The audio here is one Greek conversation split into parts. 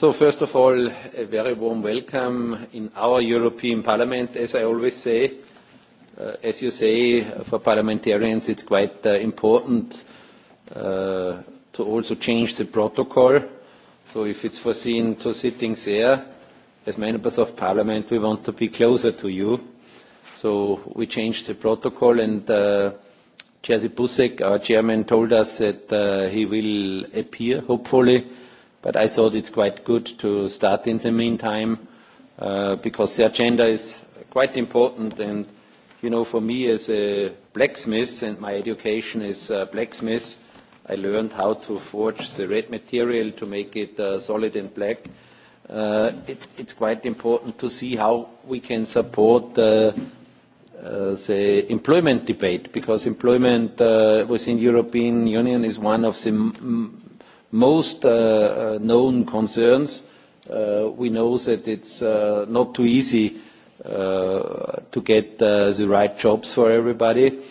So first of all, a very warm welcome in our European Parliament. As I always say, as you say, for parliamentarians it's quite important to also change the protocol. So if it's foreseen to sitting there, as members of Parliament we want to be closer to you. So we changed the protocol and Jerzy Busek, our chairman, told us that he will appear, hopefully, But I thought it's quite good to start in the meantime because the agenda is quite important. And, you know, for me as a blacksmith and my education is blacksmith, I learned how to forge the red material to make it solid and black. It's quite important to see how we can support the employment debate because employment within European Union is one of the most known concerns. We know that it's not too easy to get the right jobs for everybody.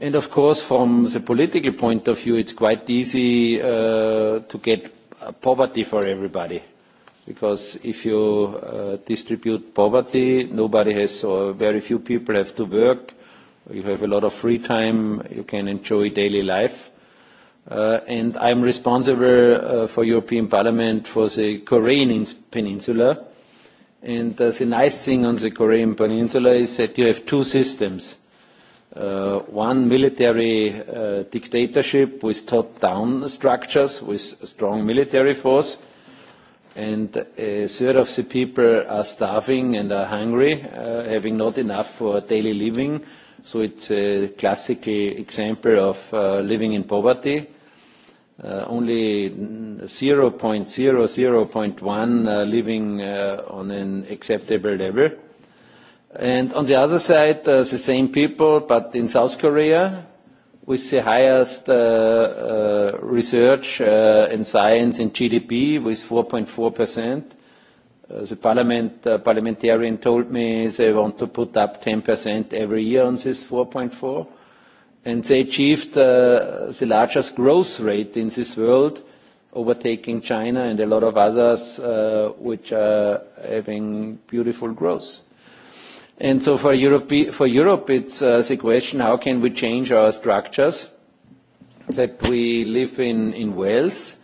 And of course, from the political point of view, it's quite easy to get poverty for everybody. Because if you distribute poverty, nobody has, or very few people have to work. You have a lot of free time. You can enjoy daily life and I'm responsible for European Parliament for the Korean Peninsula. And the nice thing on the Korean Peninsula is that you have two systems. One military dictatorship with top-down structures, with strong military force, and a third of the people are starving and are hungry, having not enough for daily living So it's a classical example of living in poverty. Only 0.001 living on an acceptable level. And on the other side, the same people, but in South Korea, with the highest research and science in GDP, with 4.4%. The parliament parliamentarian told me they want to put up 10% every year on this 4.4, and they achieved the largest growth rate in this world, overtaking China and a lot of others which are having beautiful growth. And so for Europe, it's the question, how can we change our structures that we live in wealth?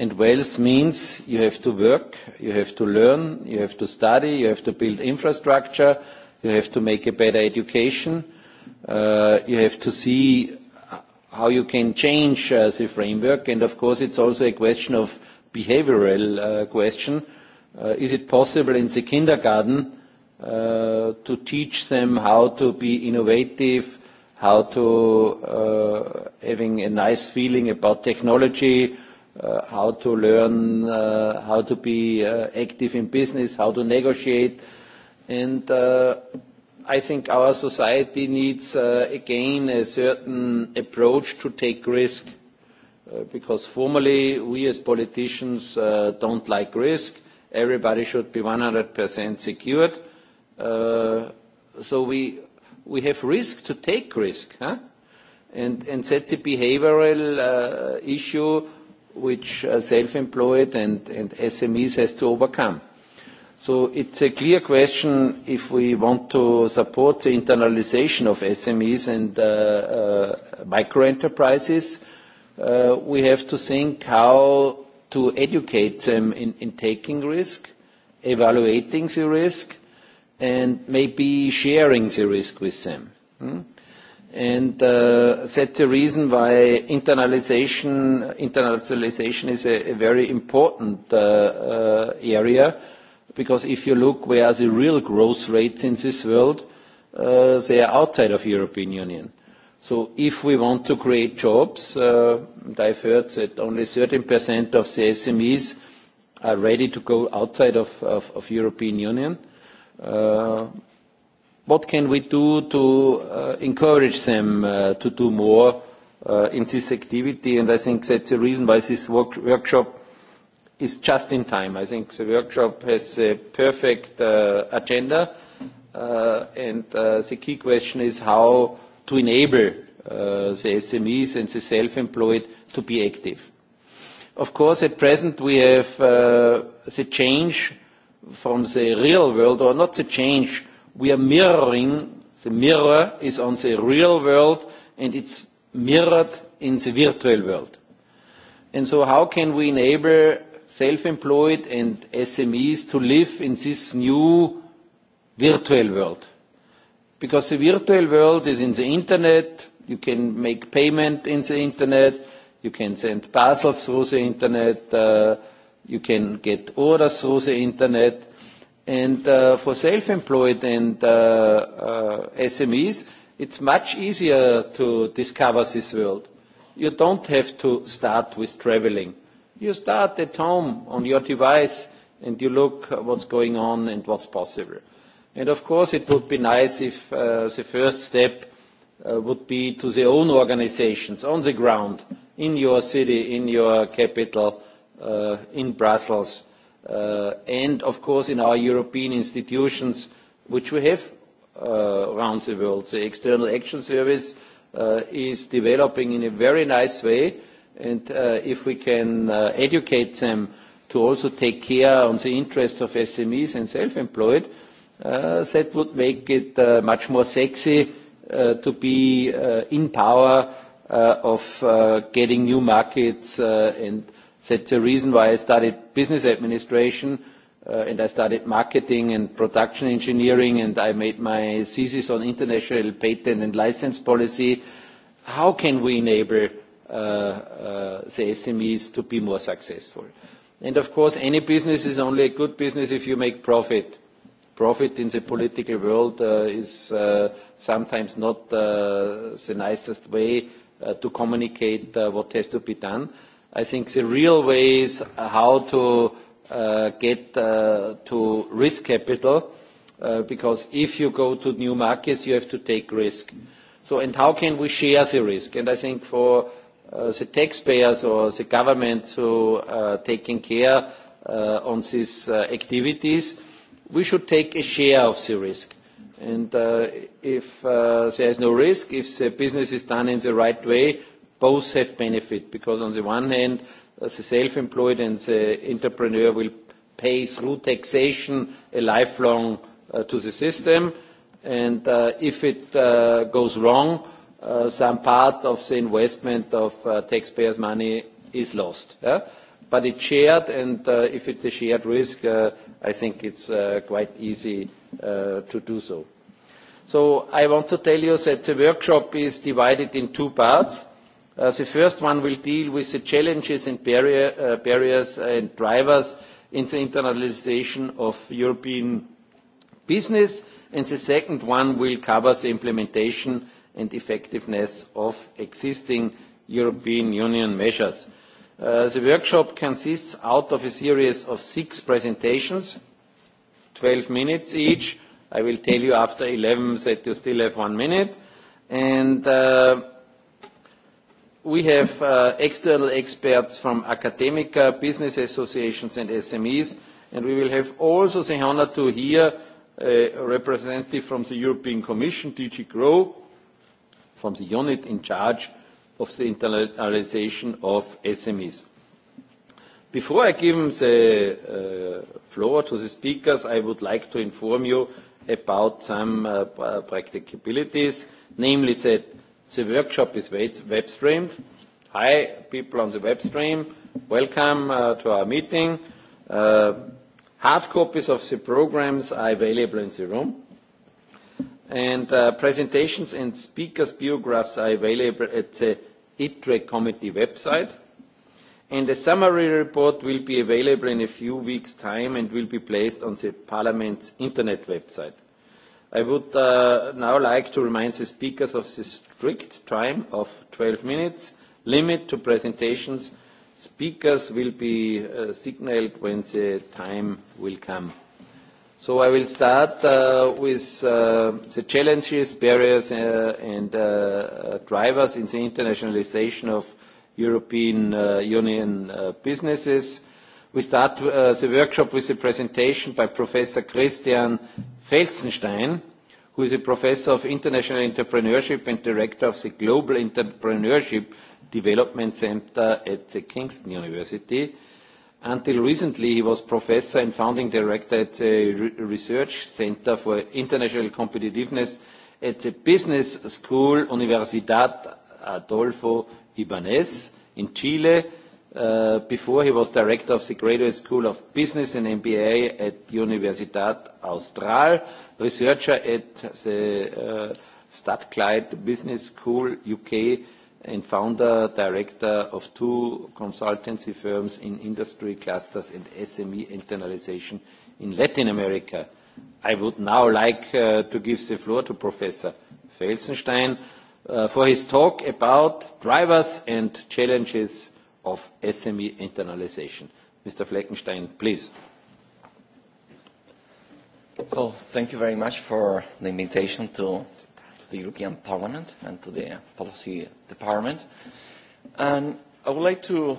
and wealth means you have to work you have to learn you have to study you have to build infrastructure you have to make a better education you have to see how you can change the framework and of course it's also a question of behavioral question is it possible in the kindergarten to teach them how to be innovative how to having a nice feeling about technology how to learn how to be active in business, how to negotiate. And I think our society needs, again, a certain approach to take risk, because formally we as politicians don't like risk. Everybody should be 100% secured. So we we have risk to take risk, and and that's a behavioral issue which self-employed and SMEs has to overcome. So it's a clear question if we want to support the internalization of SMEs and micro-enterprises, we have to think how to educate them in taking risk, evaluating the risk, and maybe sharing the risk with them. And that's the reason why internalization internationalization is a very important area, because if you look where are the real growth rates in this world, they are outside of European Union. So if we want to create jobs, and I've heard that only 13% of the SMEs are ready to go outside of European Union what can we do to encourage them to do more in this activity? And I think that's the reason why this workshop is just in time. I think the workshop has a perfect agenda, and the key question is how to enable the SMEs and the self-employed to be active. Of course, at present we have the change from the real world, or not the change we are mirroring, the mirror is on the real world and it's mirrored in the virtual world. And so how can we enable self-employed and SMEs to live in this new virtual world? Because the virtual world is in the internet, you can make payment in the internet, you can send parcels through the internet, you can get orders through the internet, And for self-employed and SMEs, it's much easier to discover this world. You don't have to start with traveling. You start at home on your device and you look what's going on and what's possible. And of course it would be nice if the first step would be to their own organizations on the ground, in your city, in your capital, in Brussels and of course in our European institutions which we have around the world. The External Action Service is developing in a very nice way and if we can educate them to also take care of the interests of SMEs and self-employed, that would make it much more sexy to be in power of getting new markets and That's the reason why I studied business administration and I studied marketing and production engineering and I made my thesis on international patent and license policy. How can we enable the SMEs to be more successful? And of course, any business is only a good business if you make profit. Profit in the political world is sometimes not the nicest way to communicate what has to be done. I think the real way is how to get to risk capital, because if you go to new markets, you have to take risk. So, and how can we share the risk? And I think for the taxpayers or the governments who are taking care on these activities, we should take a share of the risk. And if there is no risk, if the business is done in the right way, both have benefit because on the one hand, the self-employed and the entrepreneur will pay through taxation a lifelong to the system. And if it goes wrong, some part of the investment of taxpayers' money is lost. But it's shared, and if it's a shared risk, I think it's quite easy to do so. So I want to tell you that the workshop is divided in two parts. The first one will deal with the challenges and barriers and drivers in the internalisation of European business, and the second one will cover the implementation and effectiveness of existing European Union measures. The workshop consists out of a series of six presentations, 12 minutes each. I will tell you after 11 that you still have one minute. And We have external experts from academia, business associations and SMEs, and we will have also the honor to hear a representative from the European Commission, DG GROW, from the unit in charge of the internationalization of SMEs. Before I give the floor to the speakers, I would like to inform you about some practicabilities, namely that The workshop is web streamed. Hi, people on the web stream. Welcome to our meeting. Hard copies of the programs are available in the room. And presentations and speakers' biographs are available at the ITRE committee website. And a summary report will be available in a few weeks' time and will be placed on the Parliament's internet website. I would now like to remind the speakers of the strict time of 12 minutes limit to presentations. Speakers will be signaled when the time will come. So I will start with the challenges, barriers and drivers in the internationalization of European Union businesses. We start the workshop with a presentation by Professor Christian Felsenstein, who is a professor of international entrepreneurship and director of the Global Entrepreneurship Development Center at the Kingston University. Until recently, he was professor and founding director at the Research Center for International Competitiveness at the Business School Universidad Adolfo Ibanez in Chile Before he was director of the Graduate School of Business and MBA at Universitat Austral, researcher at the Stadtkleid Business School UK, and founder director of two consultancy firms in industry clusters and SME internalization in Latin America. I would now like to give the floor to Professor Felsenstein for his talk about drivers and challenges of SME internalisation. Mr. Fleckenstein, please. thank you very much for the invitation to the European Parliament and to the Policy Department. And I would like to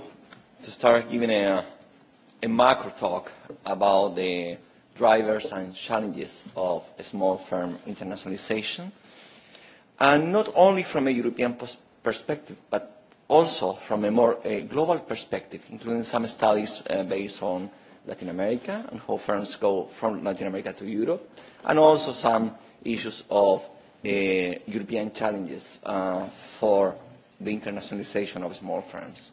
start giving a macro talk about the drivers and challenges of small firm internationalization, and not only from a European perspective, but also from a more global perspective, including some studies based on Latin America and how firms go from Latin America to Europe, and also some issues of European challenges for the internationalization of small firms.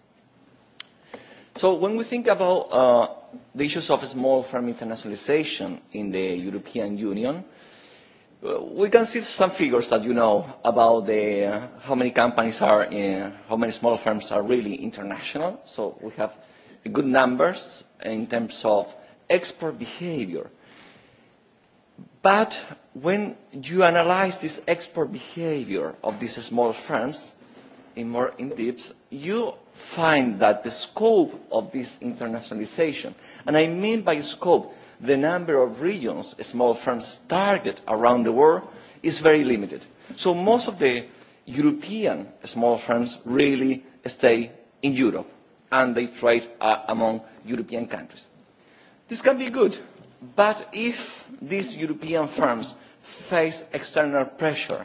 So when we think about the issues of small firm internationalization in the European Union, We can see some figures that you know about the how many companies are in, how many small firms are really international. So we have good numbers in terms of export behavior. But when you analyze this export behavior of these small firms in more in depth, you find that the scope of this internationalization, and I mean by scope, the number of regions small firms target around the world is very limited. So most of the European small firms really stay in Europe and they trade among European countries. This can be good, but if these European firms face external pressure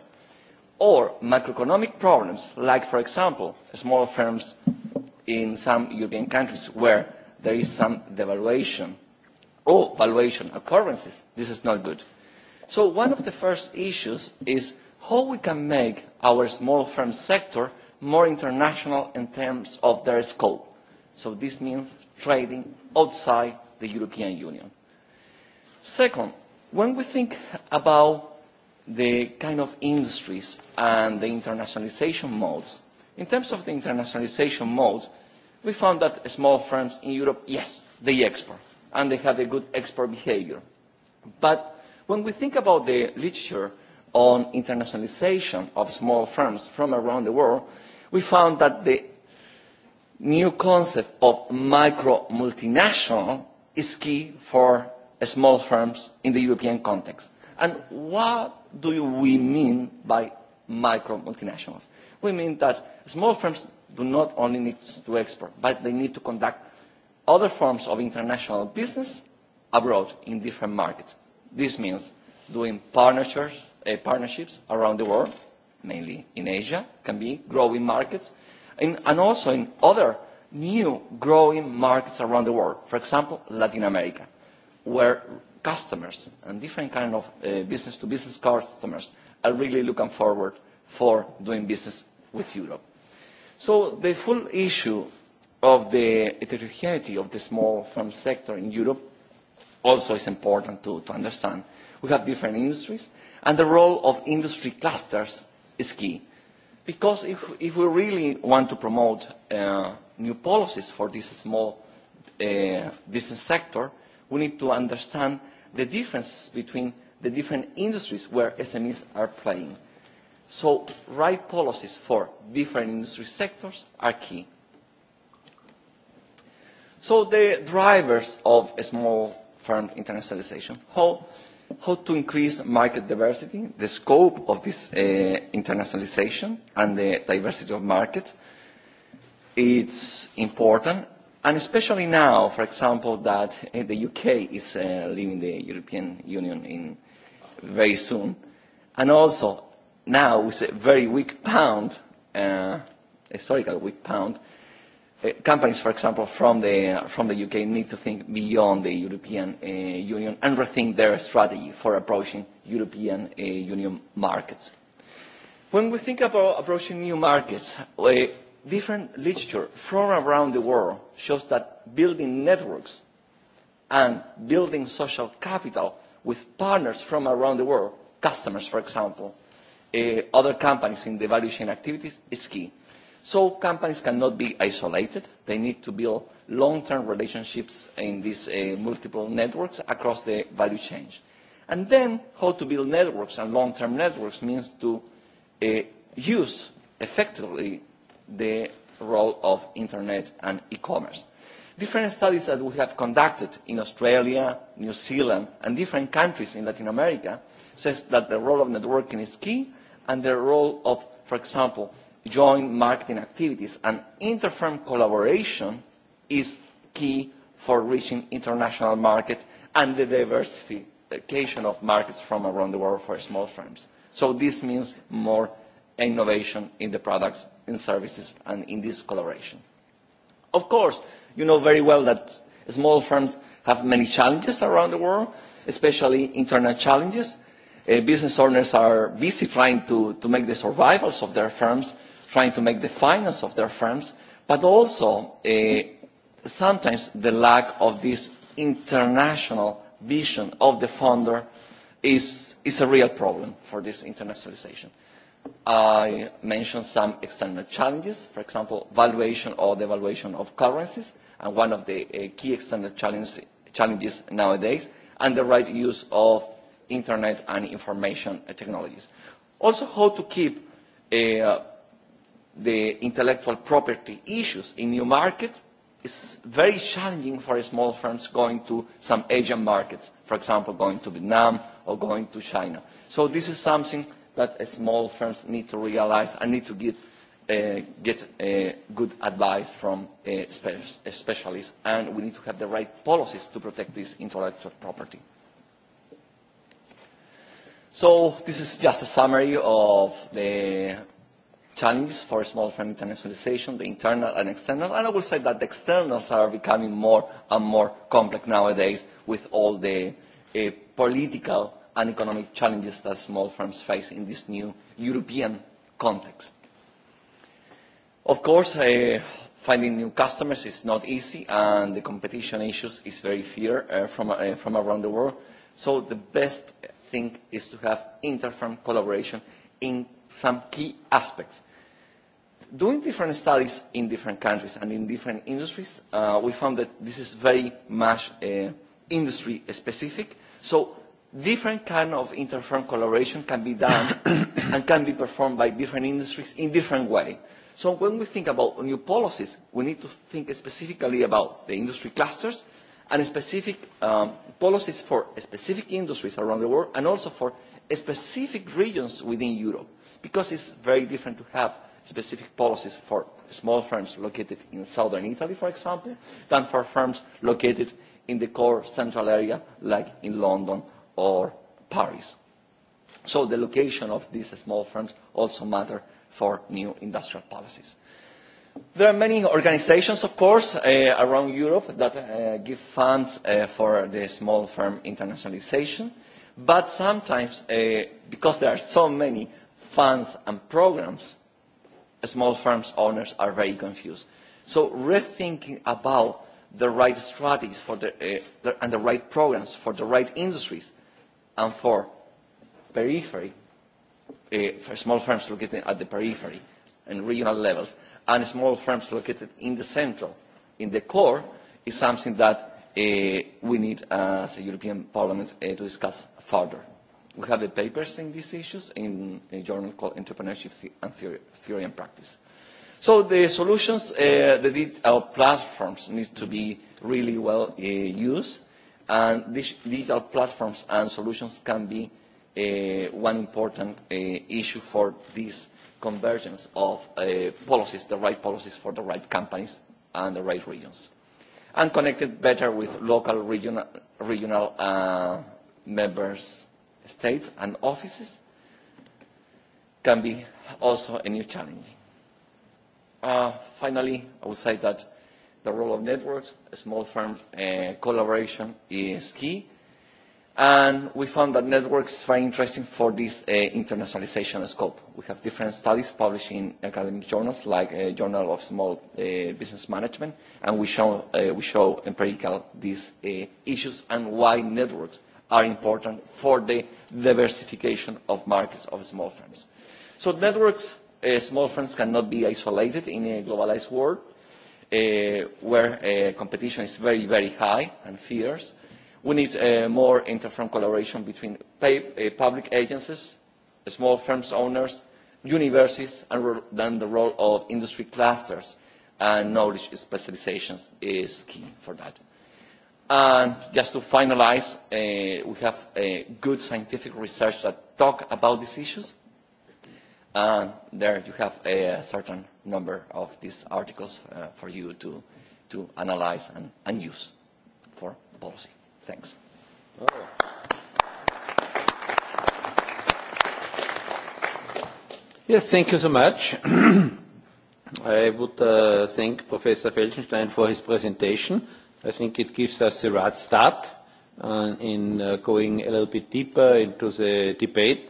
or macroeconomic problems, like, for example, small firms in some European countries where there is some devaluation or valuation occurrences. This is not good. So one of the first issues is how we can make our small firm sector more international in terms of their scope. So this means trading outside the European Union. Second, when we think about the kind of industries and the internationalization modes, in terms of the internationalization modes, we found that small firms in Europe, yes, they export and they have a good export behavior. But when we think about the literature on internationalization of small firms from around the world, we found that the new concept of micro multinational is key for small firms in the European context. And what do we mean by micro multinationals? We mean that small firms do not only need to export, but they need to conduct other forms of international business abroad in different markets. This means doing partnerships around the world, mainly in Asia, can be growing markets, and also in other new growing markets around the world, for example, Latin America, where customers and different kind of business-to-business customers are really looking forward for doing business with Europe. So the full issue of the heterogeneity of the small firm sector in Europe also is important to understand. We have different industries, and the role of industry clusters is key. Because if we really want to promote new policies for this small business sector, we need to understand the differences between the different industries where SMEs are playing. So right policies for different industry sectors are key. So the drivers of small firm internationalization, how how to increase market diversity, the scope of this internationalization and the diversity of markets, it's important, and especially now, for example, that the UK is leaving the European Union in very soon, and also now with a very weak pound, historical weak pound, companies, for example, from the from the UK need to think beyond the European Union and rethink their strategy for approaching European Union markets. When we think about approaching new markets, different literature from around the world shows that building networks and building social capital with partners from around the world, customers, for example, other companies in the value chain activities, is key So companies cannot be isolated. They need to build long-term relationships in these multiple networks across the value chain. And then how to build networks and long-term networks means to use effectively the role of Internet and e-commerce. Different studies that we have conducted in Australia, New Zealand, and different countries in Latin America says that the role of networking is key and the role of, for example, joint marketing activities and interfirm collaboration is key for reaching international markets and the diversification of markets from around the world for small firms. So this means more innovation in the products, in services, and in this collaboration. Of course, you know very well that small firms have many challenges around the world, especially internal challenges. Business owners are busy trying to make the survivals of their firms trying to make the finance of their firms, but also sometimes the lack of this international vision of the founder is a real problem for this internationalization. I mentioned some external challenges, for example, valuation or devaluation of currencies, and one of the key external challenges nowadays, and the right use of Internet and information technologies. Also, how to keep the intellectual property issues in new markets is very challenging for small firms going to some Asian markets, for example, going to Vietnam or going to China. So this is something that small firms need to realize and need to get good advice from specialists, and we need to have the right policies to protect this intellectual property. So this is just a summary of the challenges for small firm internationalization, the internal and external. And I would say that the externals are becoming more and more complex nowadays with all the political and economic challenges that small firms face in this new European context. Of course, finding new customers is not easy, and the competition issues is very fierce from around the world. So the best thing is to have inter-firm collaboration in some key aspects. Doing different studies in different countries and in different industries, we found that this is very much industry specific. So different kind of interfirm collaboration can be done and can be performed by different industries in different way. So when we think about new policies, we need to think specifically about the industry clusters and specific policies for specific industries around the world and also for specific regions within Europe because it's very different to have specific policies for small firms located in southern Italy, for example, than for firms located in the core central area, like in London or Paris. So the location of these small firms also matter for new industrial policies. There are many organizations, of course, around Europe that give funds for the small firm internationalization, but sometimes, because there are so many funds and programs, small firms owners are very confused. So rethinking about the right strategies for and the right programs for the right industries and for periphery, for small firms located at the periphery and regional levels, and small firms located in the central, in the core, is something that we need as a European Parliament to discuss further. We have the papers in these issues in a journal called Entrepreneurship and Theory and Practice. So the solutions the our platforms need to be really well used, and these digital platforms and solutions can be one important issue for this convergence of policies, the right policies for the right companies and the right regions, and connected better with local, regional members states and offices can be also a new challenge. Finally, I would say that the role of networks, small firm collaboration is key, and we found that networks are very interesting for this internationalization scope. We have different studies published in academic journals, like Journal of Small Business Management, and we show empirical these issues and why networks are important for the diversification of markets of small firms. So networks, small firms cannot be isolated in a globalized world where competition is very, very high and fierce. We need more inter collaboration between public agencies, small firms owners, universities, and then the role of industry clusters and knowledge specializations is key for that. And just to finalize, we have good scientific research that talk about these issues. And there you have a certain number of these articles for you to to analyze and use for policy. Thanks. Yes, thank you so much. I would thank Professor Felsenstein for his presentation. I think it gives us the right start in going a little bit deeper into the debate.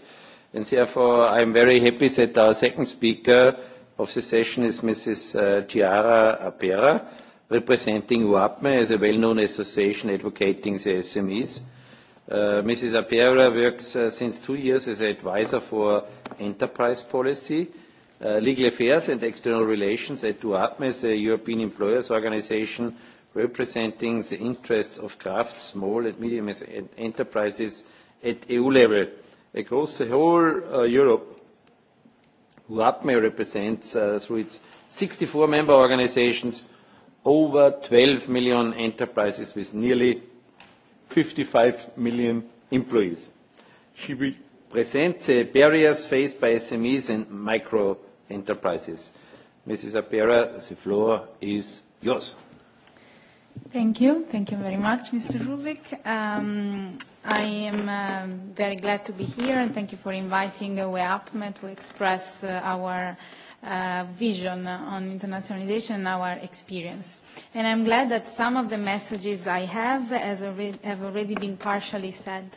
And therefore, I am very happy that our second speaker of the session is Mrs. Chiara Apera, representing UAPME as a well-known association advocating the SMEs. Mrs. Apera works since two years as an advisor for enterprise policy, legal affairs and external relations at UAPME, the European Employers Organization, representing the interests of craft, small and medium enterprises at EU level. Across the whole Europe, UAPME represents, through its 64 member organizations, over 12 million enterprises with nearly 55 million employees. She will present the barriers faced by SMEs and micro enterprises. Mrs. Apera, the floor is yours. Thank you. Thank you very much, Mr. Rubik. I am very glad to be here, and thank you for inviting WEAPME to express our vision on internationalization and our experience. And I'm glad that some of the messages I have have already been partially said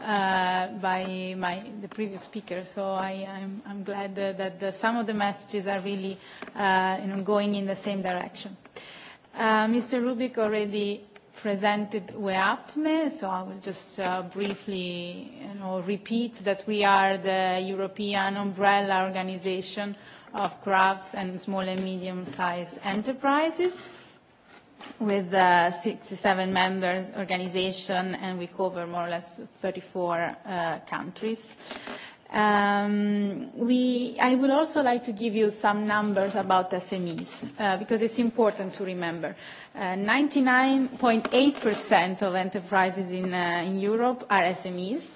by my the previous speaker. So I I'm I'm glad that some of the messages are really going in the same direction. Mr. Rubik already presented WEAPME, so I will just briefly repeat that we are the European umbrella organization of crafts and small and medium-sized enterprises with 67 members organization and we cover more or less 34 countries. We I would also like to give you some numbers about SMEs because it's important to remember. 99.8% of enterprises in Europe are SMEs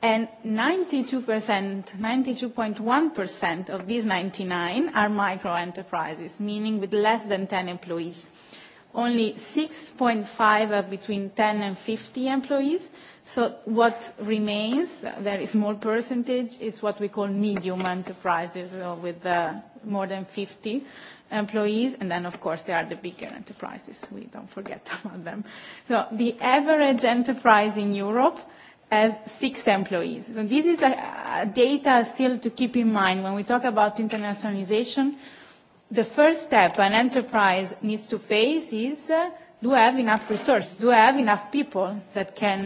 and 92%, 92.1% of these 99 are micro enterprises, meaning with less than 10 employees. Only 6.5 between 10 and 50 employees. So what remains, a very small percentage, is what we call medium enterprises with more than 50 employees. And then, of course, there are the bigger enterprises. We don't forget about them. So the average enterprise in Europe has six employees. So this is data still to keep in mind. When we talk about internationalization, the first step an enterprise needs to face is do I have enough resources, do I have enough people that can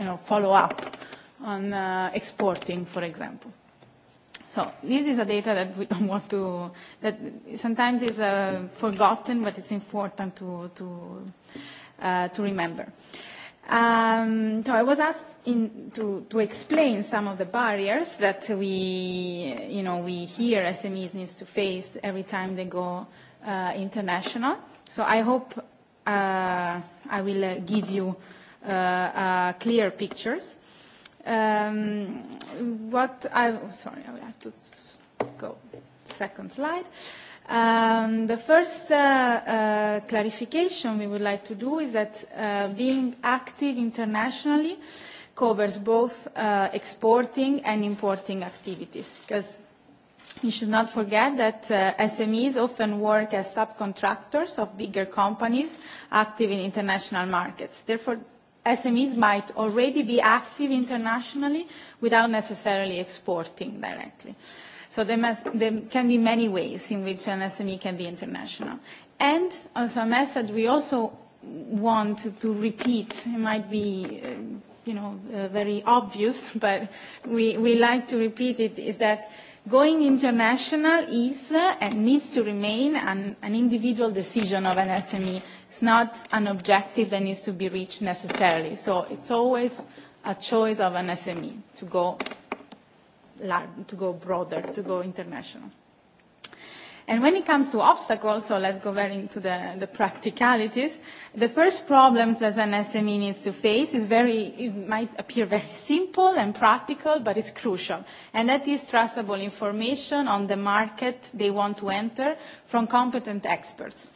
you know, follow up on exporting, for example. So this is a data that we don't want to, that sometimes is forgotten, but it's important to, to, to remember. So I was asked to to explain some of the barriers that we, you know, we hear SMEs needs to face every time they go international. So I hope I will give you clear pictures. What I, sorry, I have to go second slide. The first clarification we would like to do is that being active internationally covers both exporting and importing activities, because you should not forget that SMEs often work as subcontractors of bigger companies active in international markets. Therefore, SMEs might already be active internationally without necessarily exporting directly. So there can be many ways in which an SME can be international. And also a message, we also want to repeat, it might be you know, very obvious, but we, we like to repeat it, is that going international is and needs to remain an, an individual decision of an SME. It's not an objective that needs to be reached necessarily. So it's always a choice of an SME to go to go broader, to go international. And when it comes to obstacles, so let's go very into the, the practicalities, the first problems that an SME needs to face is very, it might appear very simple and practical, but it's crucial. And that is trustable information on the market they want to enter from competent experts.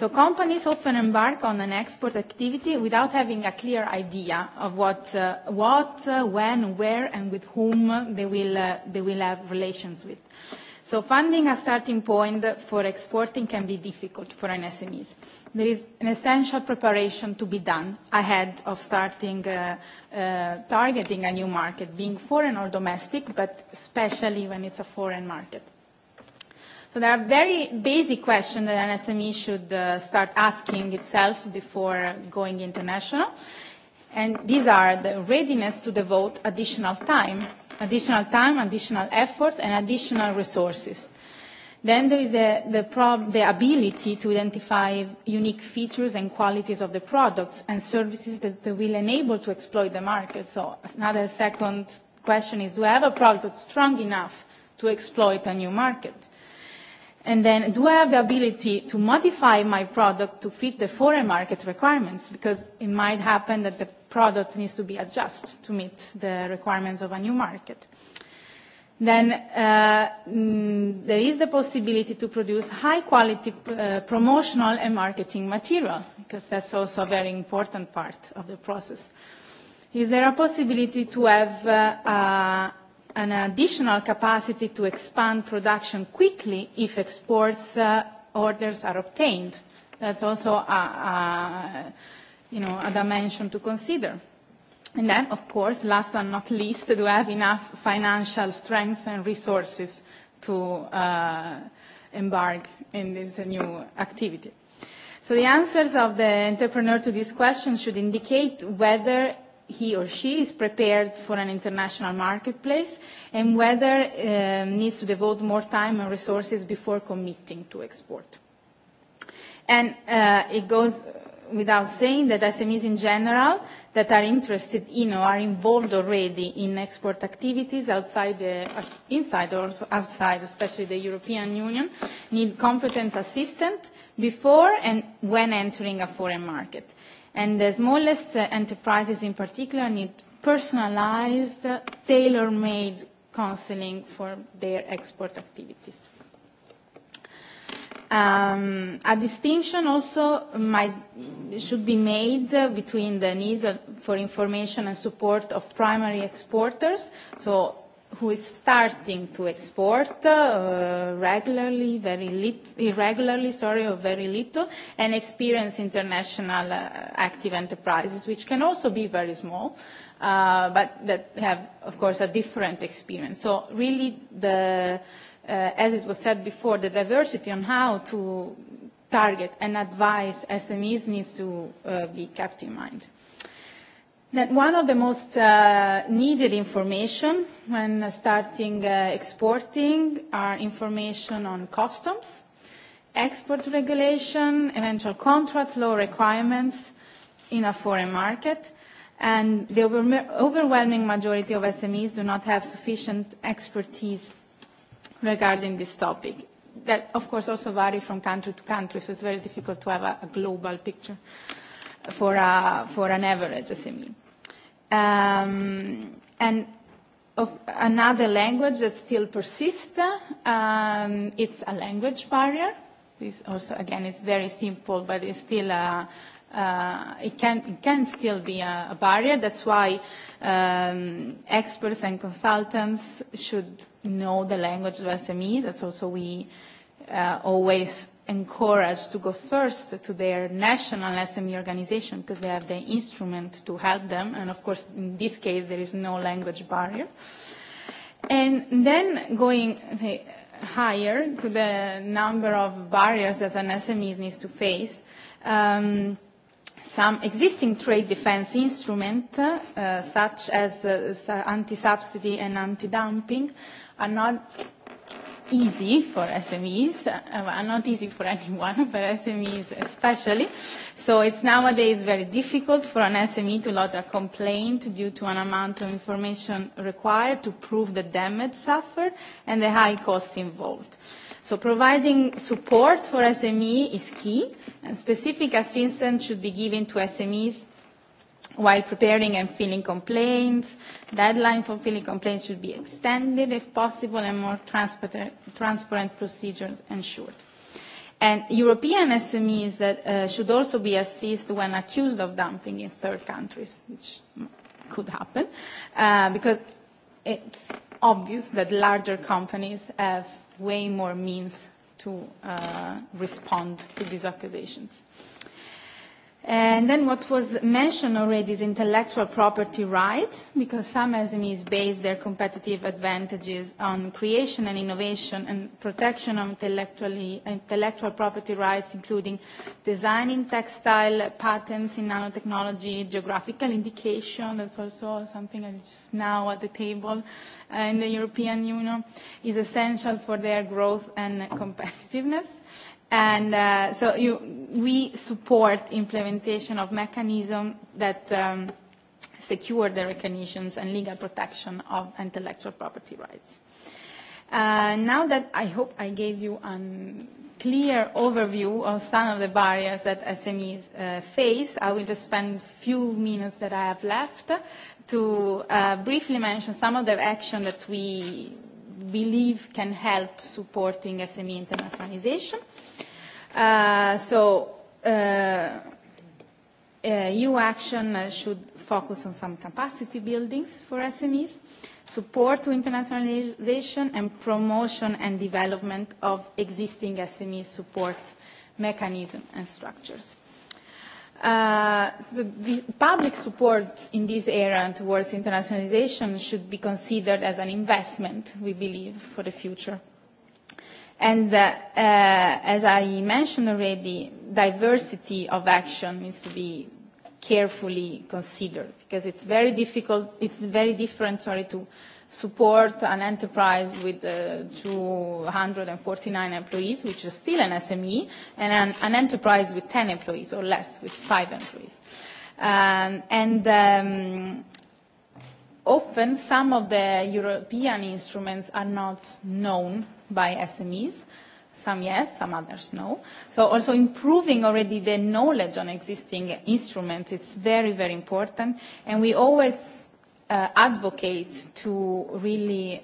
So companies often embark on an export activity without having a clear idea of what, what, when, where, and with whom they will, they will have relations with. So funding a starting point for exporting can be difficult for an SMEs. There is an essential preparation to be done ahead of starting targeting a new market, being foreign or domestic, but especially when it's a foreign market. So there are very basic questions that an SME should start asking itself before going international. And these are the readiness to devote additional time, additional time, additional effort, and additional resources. Then there is the ability to identify unique features and qualities of the products and services that will enable to exploit the market. So another second question is, do I have a product strong enough to exploit a new market? And then do I have the ability to modify my product to fit the foreign market requirements? Because it might happen that the product needs to be adjusted to meet the requirements of a new market. Then there is the possibility to produce high-quality promotional and marketing material, because that's also a very important part of the process. Is there a possibility to have an additional capacity to expand production quickly if exports orders are obtained. That's also a dimension to consider. And then, of course, last but not least, do have enough financial strength and resources to embark in this new activity. So the answers of the entrepreneur to this question should indicate whether he or she is prepared for an international marketplace and whether needs to devote more time and resources before committing to export. And it goes without saying that SMEs in general that are interested in or are involved already in export activities outside the inside or outside, especially the European Union, need competent assistance before and when entering a foreign market. And the smallest enterprises in particular need personalized, tailor-made counseling for their export activities. A distinction also should be made between the needs for information and support of primary exporters, so who is starting to export regularly, very irregularly, sorry, or very little, and experience international active enterprises, which can also be very small, but that have, of course, a different experience. So really, the, as it was said before, the diversity on how to target and advise SMEs needs to be kept in mind that one of the most needed information when starting exporting are information on customs, export regulation, eventual contract law requirements in a foreign market, and the overwhelming majority of SMEs do not have sufficient expertise regarding this topic. That, of course, also vary from country to country, so it's very difficult to have a global picture for an average SME. And of another language that still persists, it's a language barrier. This also, again, it's very simple, but it's still a it can still be a barrier. That's why experts and consultants should know the language of SME. That's also we always encouraged to go first to their national SME organization because they have the instrument to help them. And of course, in this case, there is no language barrier. And then going higher to the number of barriers that an SME needs to face, some existing trade defense instruments, such as anti-subsidy and anti-dumping, are not easy for SMEs, not easy for anyone, but SMEs especially. So it's nowadays very difficult for an SME to lodge a complaint due to an amount of information required to prove the damage suffered and the high costs involved. So providing support for SMEs is key, and specific assistance should be given to SMEs while preparing and filling complaints. Deadline for filling complaints should be extended if possible and more transparent procedures ensured. And European SMEs that should also be assisted when accused of dumping in third countries, which could happen, because it's obvious that larger companies have way more means to respond to these accusations. And then what was mentioned already is intellectual property rights, because some SMEs base their competitive advantages on creation and innovation and protection of intellectual property rights, including designing textile patents in nanotechnology, geographical indication, that's also something that is now at the table in the European Union, is essential for their growth and competitiveness And so we support implementation of mechanisms that secure the recognitions and legal protection of intellectual property rights. Now that I hope I gave you a clear overview of some of the barriers that SMEs face, I will just spend a few minutes that I have left to briefly mention some of the action that we believe can help supporting SME internationalization. So EU action should focus on some capacity buildings for SMEs, support to internationalization and promotion and development of existing SME support mechanisms and structures. The public support in this area towards internationalization should be considered as an investment, we believe, for the future. And as I mentioned already, diversity of action needs to be carefully considered because it's very difficult, it's very different, sorry, to support an enterprise with 249 employees, which is still an SME, and an enterprise with 10 employees or less, with five employees. And often some of the European instruments are not known by SMEs. Some yes, some others no. So also improving already the knowledge on existing instruments, is very, very important. And we always advocate to really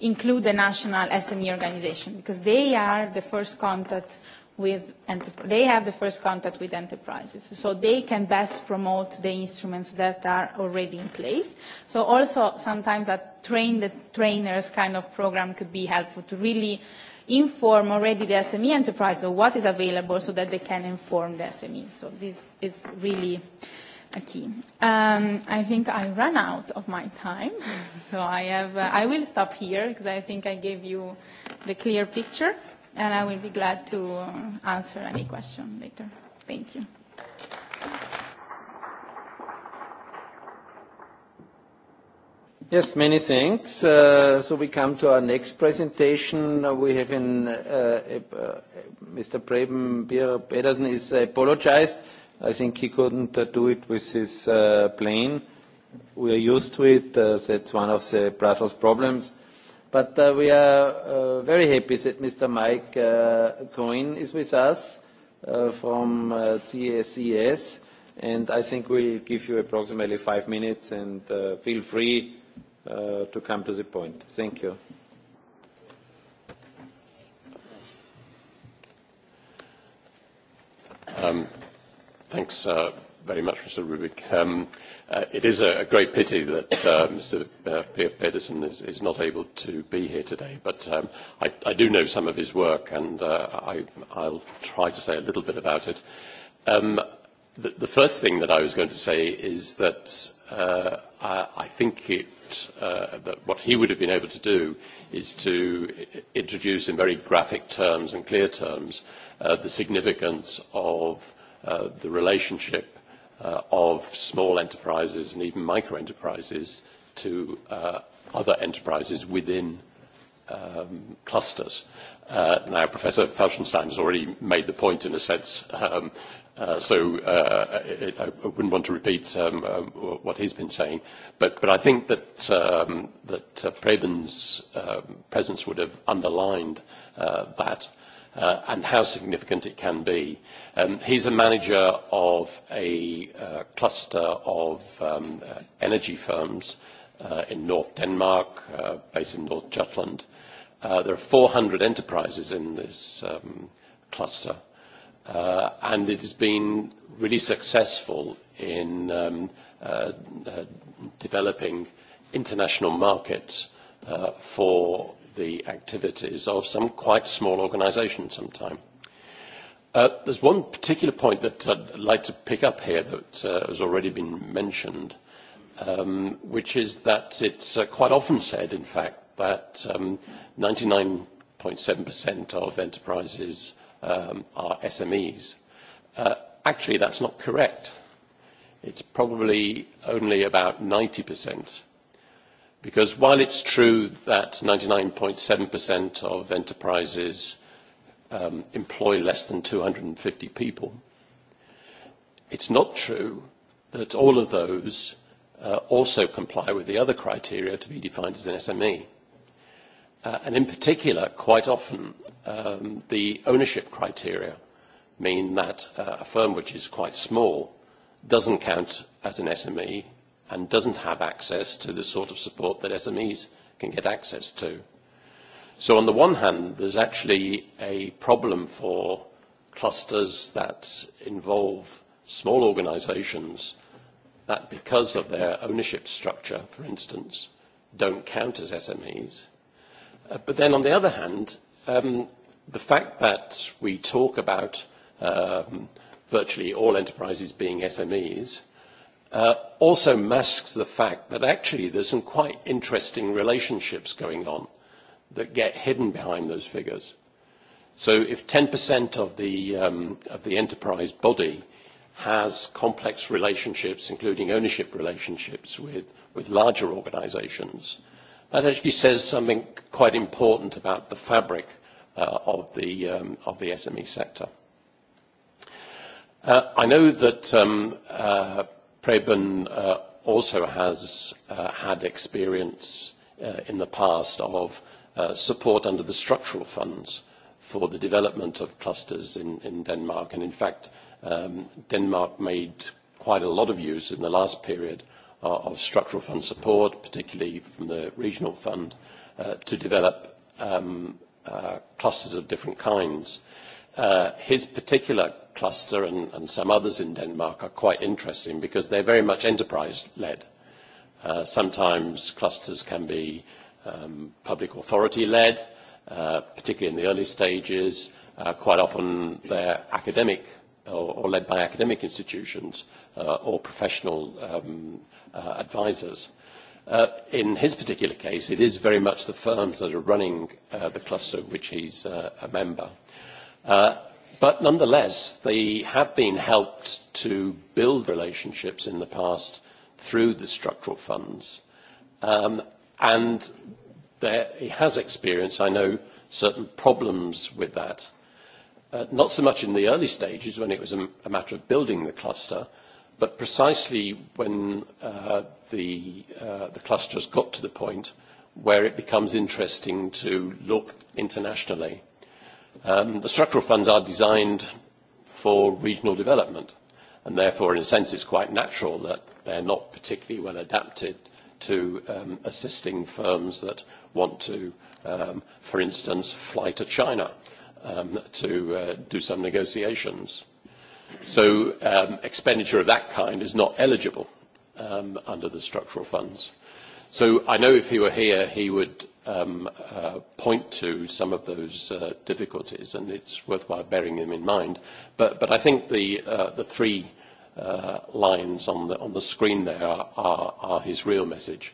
include the national SME organization because they are the first contact with they have the first contact with enterprises so they can best promote the instruments that are already in place so also sometimes a train the trainers kind of program could be helpful to really inform already the SME enterprise of what is available so that they can inform the SMEs so this is really Um, I think I ran out of my time, so I have. Uh, I will stop here because I think I gave you the clear picture, and I will be glad to answer any question later. Thank you. Yes, many thanks. So we come to our next presentation. We have in Mr. Preben Pedersen is apologized I think he couldn't do it with his plane. We are used to it. That's one of the Brussels problems. But we are very happy that Mr. Mike Cohen is with us from CSES, and I think we'll give you approximately five minutes, and feel free to come to the point. Thank you. Thanks very much, Mr. Rubik. It is a great pity that Mr. Peterson is not able to be here today, but I do know some of his work, and I I'll try to say a little bit about it. The first thing that I was going to say is that I think that what he would have been able to do is to introduce in very graphic terms and clear terms the significance of the relationship of small enterprises and even micro enterprises to other enterprises within clusters. Now, Professor Felsenstein has already made the point in a sense, so I wouldn't want to repeat what he's been saying, but I think that Preben's presence would have underlined that and how significant it can be. He's a manager of a cluster of energy firms in North Denmark, based in North Jutland. There are 400 enterprises in this cluster, and it has been really successful in developing international markets for the activities of some quite small organisation sometime. There's one particular point that I'd like to pick up here that has already been mentioned, which is that it's quite often said, in fact, that 99.7% of enterprises are SMEs. Actually, that's not correct. It's probably only about 90%. Because while it's true that 99.7% of enterprises employ less than 250 people, it's not true that all of those also comply with the other criteria to be defined as an SME. And in particular, quite often, the ownership criteria mean that a firm which is quite small doesn't count as an SME and doesn't have access to the sort of support that SMEs can get access to. So on the one hand, there's actually a problem for clusters that involve small organisations that because of their ownership structure, for instance, don't count as SMEs. But then on the other hand, the fact that we talk about virtually all enterprises being SMEs also masks the fact that actually there's some quite interesting relationships going on that get hidden behind those figures. So if 10% of the enterprise body has complex relationships, including ownership relationships with with larger organizations, that actually says something quite important about the fabric of the SME sector. I know that Preben also has had experience in the past of support under the structural funds for the development of clusters in Denmark. And in fact, Denmark made quite a lot of use in the last period of structural fund support, particularly from the regional fund, to develop clusters of different kinds his particular cluster and some others in Denmark are quite interesting because they're very much enterprise-led. Sometimes clusters can be public authority-led, particularly in the early stages. Quite often they're academic or led by academic institutions or professional advisors. In his particular case, it is very much the firms that are running the cluster of which he's a member. But nonetheless, they have been helped to build relationships in the past through the structural funds. And he has experienced, I know, certain problems with that. Not so much in the early stages when it was a matter of building the cluster, but precisely when the cluster has got to the point where it becomes interesting to look internationally The structural funds are designed for regional development, and therefore, in a sense, it's quite natural that they're not particularly well adapted to assisting firms that want to, for instance, fly to China to do some negotiations. So expenditure of that kind is not eligible under the structural funds. So I know if he were here, he would point to some of those difficulties, and it's worthwhile bearing them in mind. But I think the three lines on the screen there are his real message.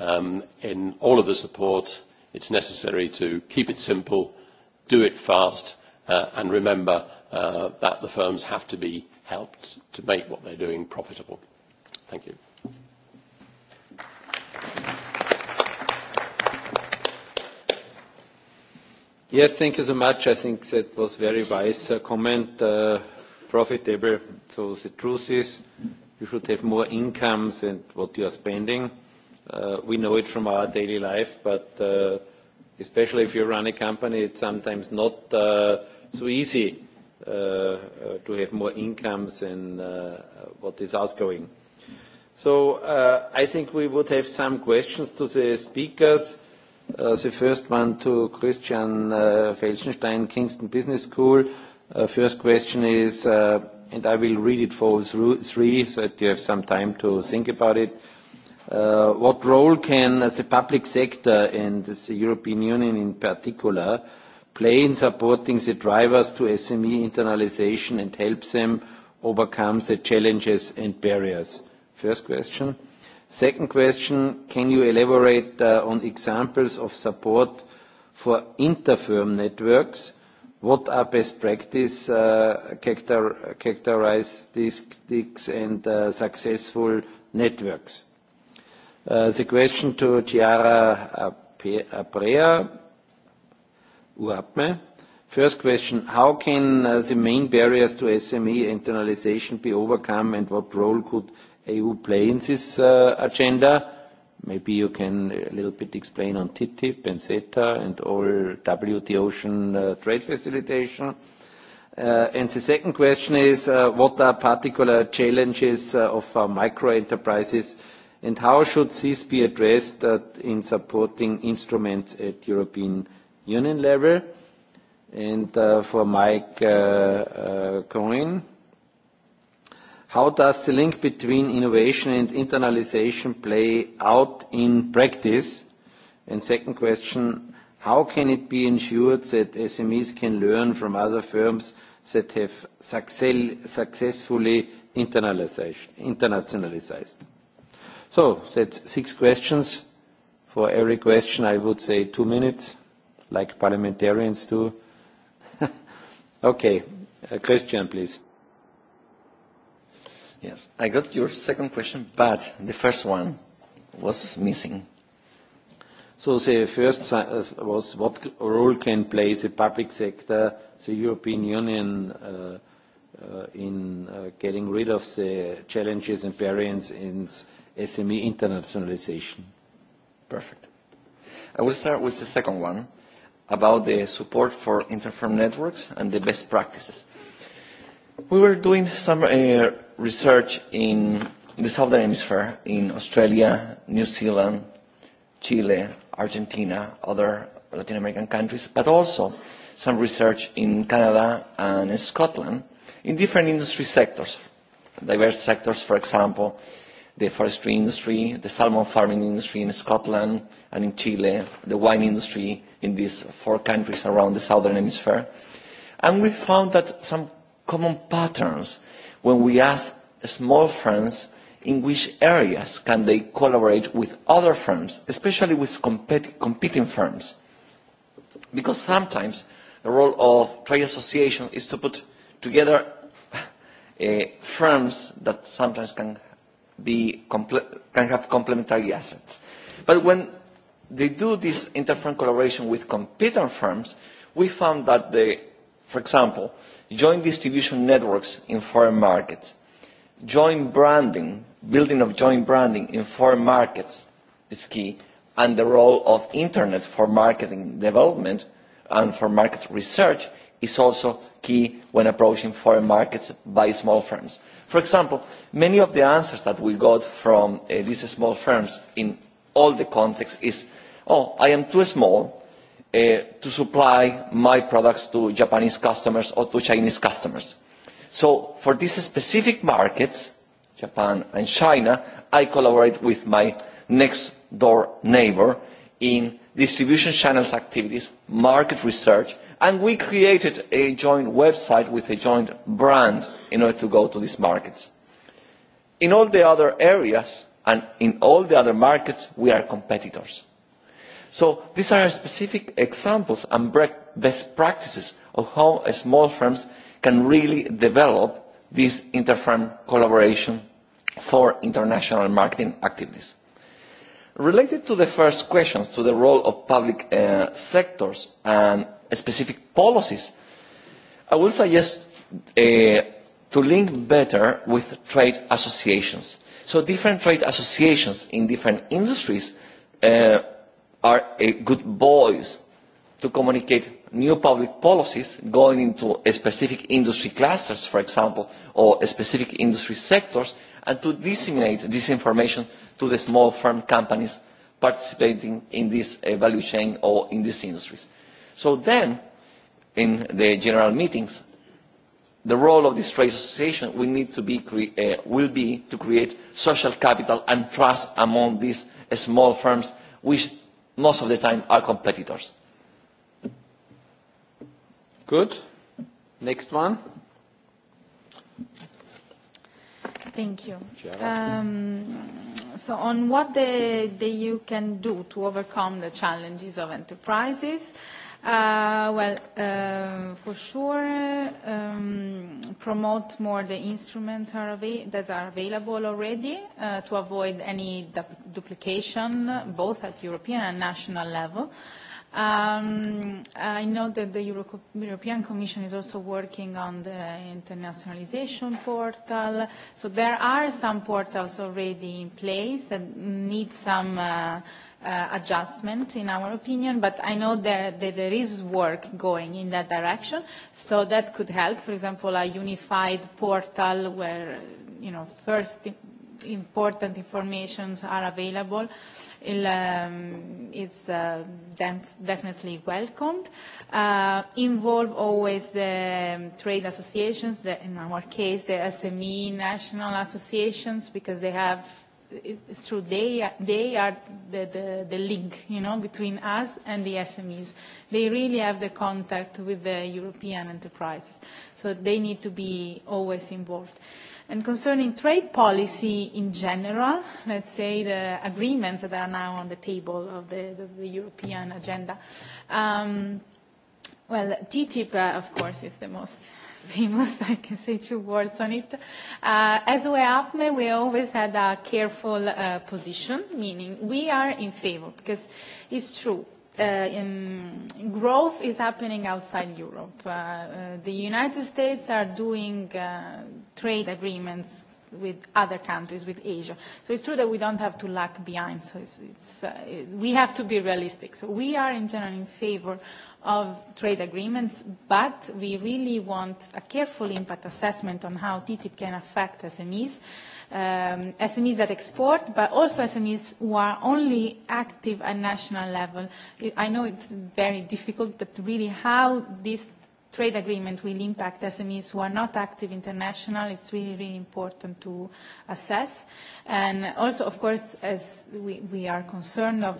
In all of the support, it's necessary to keep it simple, do it fast, and remember that the firms have to be helped to make what they're doing profitable. Thank you. Yes, thank you so much. I think that was very wise comment, profitable. So the truth is you should have more incomes than what you are spending. We know it from our daily life, but especially if you run a company, it's sometimes not so easy to have more incomes than what is outgoing. So I think we would have some questions to the speakers the first one to Christian Felsenstein, Kingston Business School. First question is, and I will read it for three so that you have some time to think about it. What role can the public sector and the European Union in particular play in supporting the drivers to SME internalization and help them overcome the challenges and barriers? First question. Second question, can you elaborate on examples of support for interfirm networks? What are best practice characteristics and successful networks? The question to Chiara Aprea, UAPME. First question, how can the main barriers to SME internalization be overcome and what role could EU play in this agenda? Maybe you can a little bit explain on TTIP and CETA and all WTO ocean trade facilitation. And the second question is, what are particular challenges of micro enterprises and how should this be addressed in supporting instruments at European Union level? And for Mike Cohen, How does the link between innovation and internalization play out in practice? And second question, how can it be ensured that SMEs can learn from other firms that have successfully internationalized? So that's six questions. For every question, I would say two minutes, like parliamentarians do. Okay. Christian, please. Yes, I got your second question, but the first one was missing. So the first was what role can play the public sector, the European Union, in getting rid of the challenges and barriers in SME internationalization? Perfect. I will start with the second one about the support for interfirm networks and the best practices. We were doing some research in the southern hemisphere, in Australia, New Zealand, Chile, Argentina, other Latin American countries, but also some research in Canada and Scotland in different industry sectors, diverse sectors, for example, the forestry industry, the salmon farming industry in Scotland and in Chile, the wine industry in these four countries around the southern hemisphere. And we found that some common patterns when we ask small firms in which areas can they collaborate with other firms, especially with competing firms. Because sometimes the role of trade association is to put together firms that sometimes can be can have complementary assets. But when they do this inter firm collaboration with competing firms, we found that the For example, joint distribution networks in foreign markets, joint branding, building of joint branding in foreign markets is key, and the role of Internet for marketing development and for market research is also key when approaching foreign markets by small firms. For example, many of the answers that we got from these small firms in all the contexts is, oh, I am too small to supply my products to Japanese customers or to Chinese customers. So for these specific markets, Japan and China, I collaborate with my next door neighbor in distribution channels activities, market research, and we created a joint website with a joint brand in order to go to these markets. In all the other areas and in all the other markets, we are competitors. So these are specific examples and best practices of how small firms can really develop this interfirm collaboration for international marketing activities. Related to the first question, to the role of public sectors and specific policies, I will suggest to link better with trade associations. So different trade associations in different industries are good boys to communicate new public policies going into specific industry clusters, for example, or specific industry sectors, and to disseminate this information to the small firm companies participating in this value chain or in these industries. So then, in the general meetings, the role of this trade association will need to be will be to create social capital and trust among these small firms, which most of the time are competitors. Good. Next one. Thank you. So on what the EU can do to overcome the challenges of enterprises, Well, for sure, promote more the instruments that are available already to avoid any duplication, both at European and national level. I know that the European Commission is also working on the internationalization portal. So there are some portals already in place that need some adjustment, in our opinion, but I know that there is work going in that direction, so that could help. For example, a unified portal where, you know, first important informations are available. It's definitely welcomed. Involve always the trade associations, in our case the SME national associations, because they have It's true, they they are the the the link you know between us and the SMEs. They really have the contact with the European enterprises, so they need to be always involved. And concerning trade policy in general, let's say the agreements that are now on the table of the the European agenda. Well, TTIP, of course, is the most famous, I can say two words on it. As we always had a careful position, meaning we are in favor, because it's true. Growth is happening outside Europe. The United States are doing trade agreements with other countries, with Asia. So it's true that we don't have to lag behind. So it's we have to be realistic. So we are in general in favor of trade agreements, but we really want a careful impact assessment on how TTIP can affect SMEs, SMEs that export, but also SMEs who are only active at national level. I know it's very difficult, but really how this trade agreement will impact SMEs who are not active international. It's really, really important to assess. And also, of course, as we are concerned of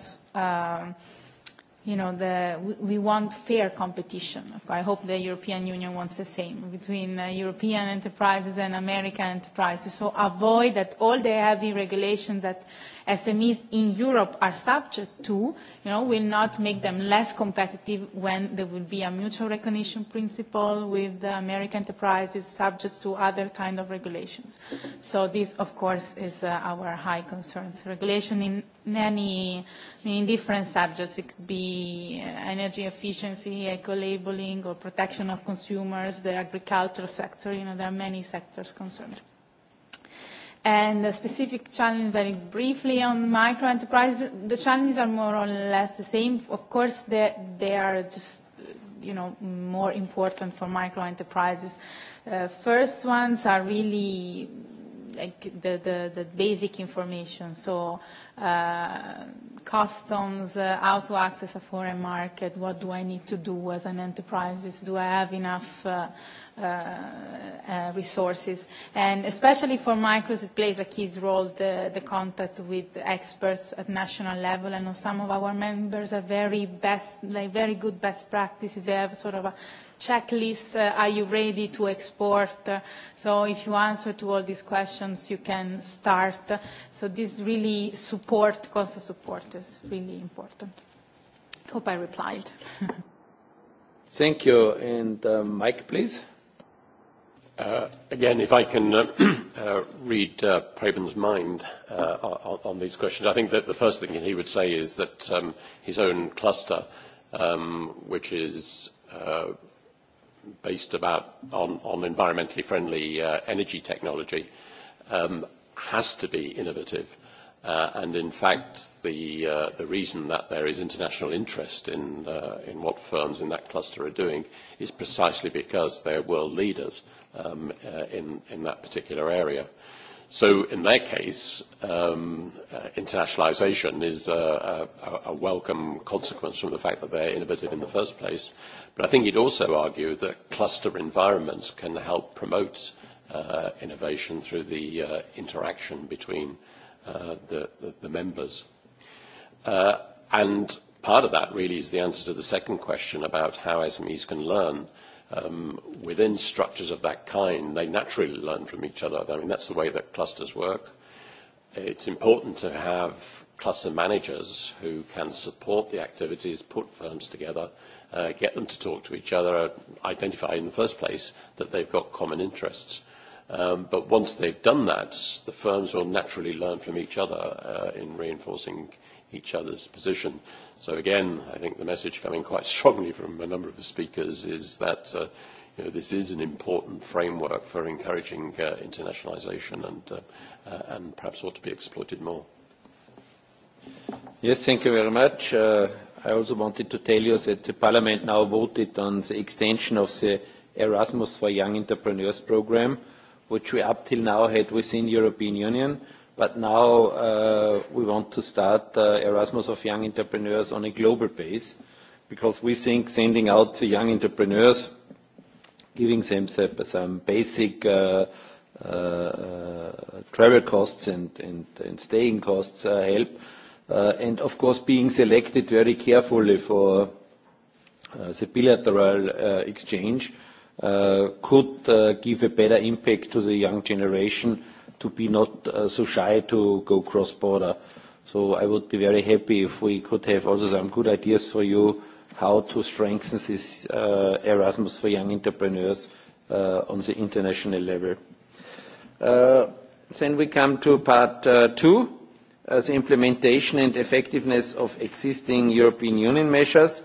you know, the, we want fair competition. I hope the European Union wants the same between European enterprises and American enterprises. So avoid that all the heavy regulations that SMEs in Europe are subject to, you know, will not make them less competitive when there will be a mutual recognition principle with American enterprises subject to other kind of regulations. So this, of course, is our high concerns. Regulation in many, in different subjects, it could be energy efficiency, eco-labeling, or protection of consumers, the agricultural sector, you know, there are many sectors concerned. And a specific challenge, very briefly, on micro-enterprises, the challenges are more or less the same. Of course, they, they are just, you know, more important for micro-enterprises. first ones are really like the, the, basic information, so customs, how to access a foreign market, what do I need to do as an enterprise, do I have enough... Uh, resources. And especially for micros, it plays a key role, the contact with experts at national level. and some of our members are very best, like very good best practices. They have sort of a checklist, are you ready to export? So if you answer to all these questions, you can start. So this really support, constant support is really important. Hope I replied. Thank you. And Mike, please. Again, if I can read Praben's mind on these questions, I think that the first thing he would say is that his own cluster, which is based about on environmentally friendly energy technology, has to be innovative. And in fact, the reason that there is international interest in what firms in that cluster are doing is precisely because they're world leaders in in that particular area. So in their case, um internationalization is a welcome consequence from the fact that they're innovative in the first place. But I think you'd also argue that cluster environments can help promote innovation through the interaction between the members. And part of that really is the answer to the second question about how SMEs can learn within structures of that kind, they naturally learn from each other. I mean, that's the way that clusters work. It's important to have cluster managers who can support the activities, put firms together, get them to talk to each other, identify in the first place that they've got common interests. But once they've done that, the firms will naturally learn from each other in reinforcing each other's position. So again, I think the message coming quite strongly from a number of the speakers is that this is an important framework for encouraging internationalization and and perhaps ought to be exploited more. Yes, thank you very much. I also wanted to tell you that Parliament now voted on the extension of the Erasmus for Young Entrepreneurs program, which we up till now had within European Union. But now we want to start Erasmus of Young Entrepreneurs on a global base because we think sending out the young entrepreneurs, giving them some basic travel costs and staying costs help. And of course being selected very carefully for the bilateral exchange could give a better impact to the young generation to be not so shy to go cross-border. So I would be very happy if we could have also some good ideas for you how to strengthen this Erasmus for young entrepreneurs on the international level. Then we come to part two, the implementation and effectiveness of existing European Union measures.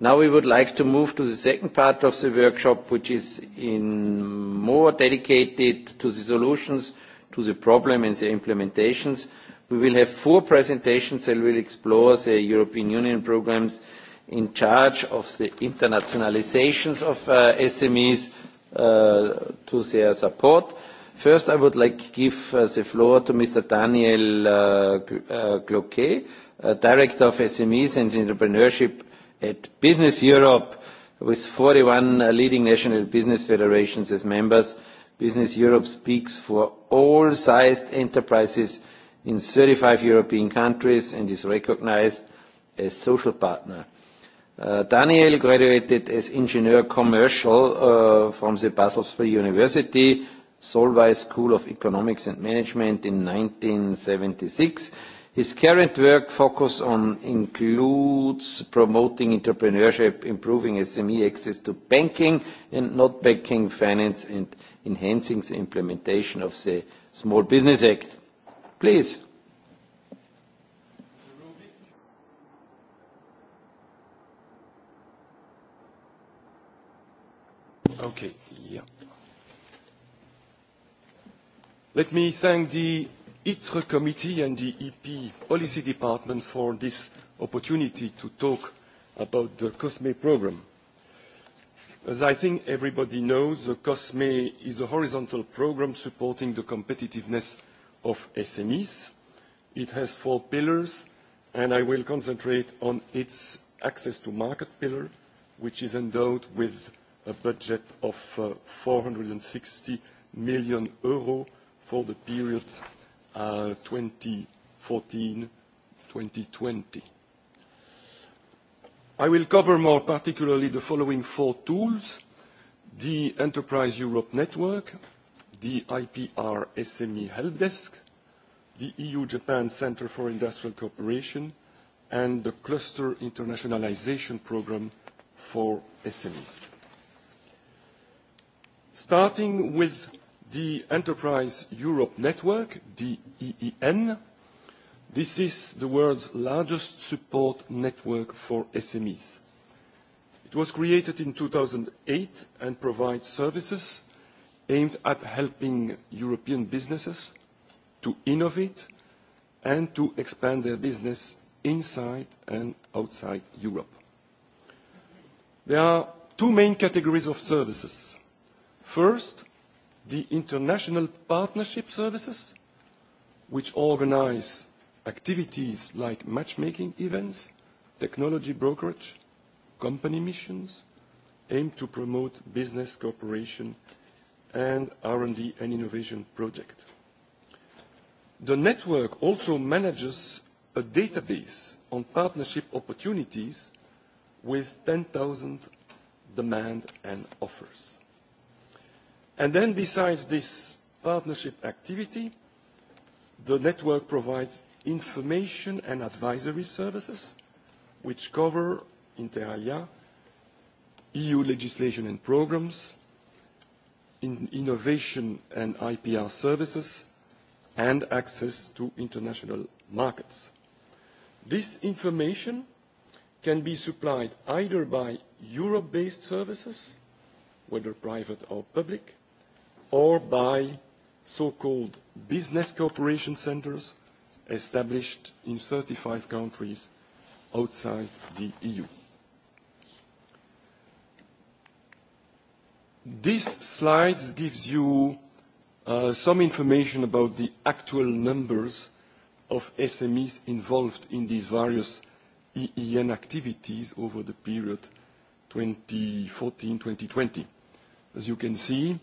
Now we would like to move to the second part of the workshop, which is in more dedicated to the solutions to the problem and the implementations. We will have four presentations that will explore the European Union programs in charge of the internationalizations of SMEs to their support. First, I would like to give the floor to Mr. Daniel Cloquet, Director of SMEs and Entrepreneurship at Business Europe, with 41 leading national business federations as members Business Europe speaks for all sized enterprises in 35 European countries and is recognized as social partner. Daniel graduated as engineer Commercial from the Basel Free University, Solvay School of Economics and Management in 1976. His current work focus on includes promoting entrepreneurship, improving SME access to banking and not banking finance and enhancing the implementation of the Small Business Act. Please. Okay, Let me thank the ITRE committee and the EP policy department for this opportunity to talk about the COSME program. As I think everybody knows, the COSME is a horizontal program supporting the competitiveness of SMEs. It has four pillars, and I will concentrate on its access to market pillar, which is endowed with a budget of 460 million euro for the period 2014-2020. I will cover more particularly the following four tools, the Enterprise Europe Network, the IPR SME Helpdesk, the EU-Japan Centre for Industrial Cooperation, and the Cluster Internationalization Programme for SMEs. Starting with the Enterprise Europe Network, the EEN, This is the world's largest support network for SMEs. It was created in 2008 and provides services aimed at helping European businesses to innovate and to expand their business inside and outside Europe. There are two main categories of services. First, the international partnership services, which organize Activities like matchmaking events, technology brokerage, company missions aim to promote business cooperation and R&D and innovation project. The network also manages a database on partnership opportunities with 10,000 demand and offers. And then besides this partnership activity, the network provides information and advisory services, which cover, inter alia, EU legislation and programs, innovation and IPR services, and access to international markets. This information can be supplied either by Europe-based services, whether private or public, or by so-called business cooperation centers established in 35 countries outside the EU. this slides gives you some information about the actual numbers of SMEs involved in these various EEN activities over the period 2014-2020. As you can see,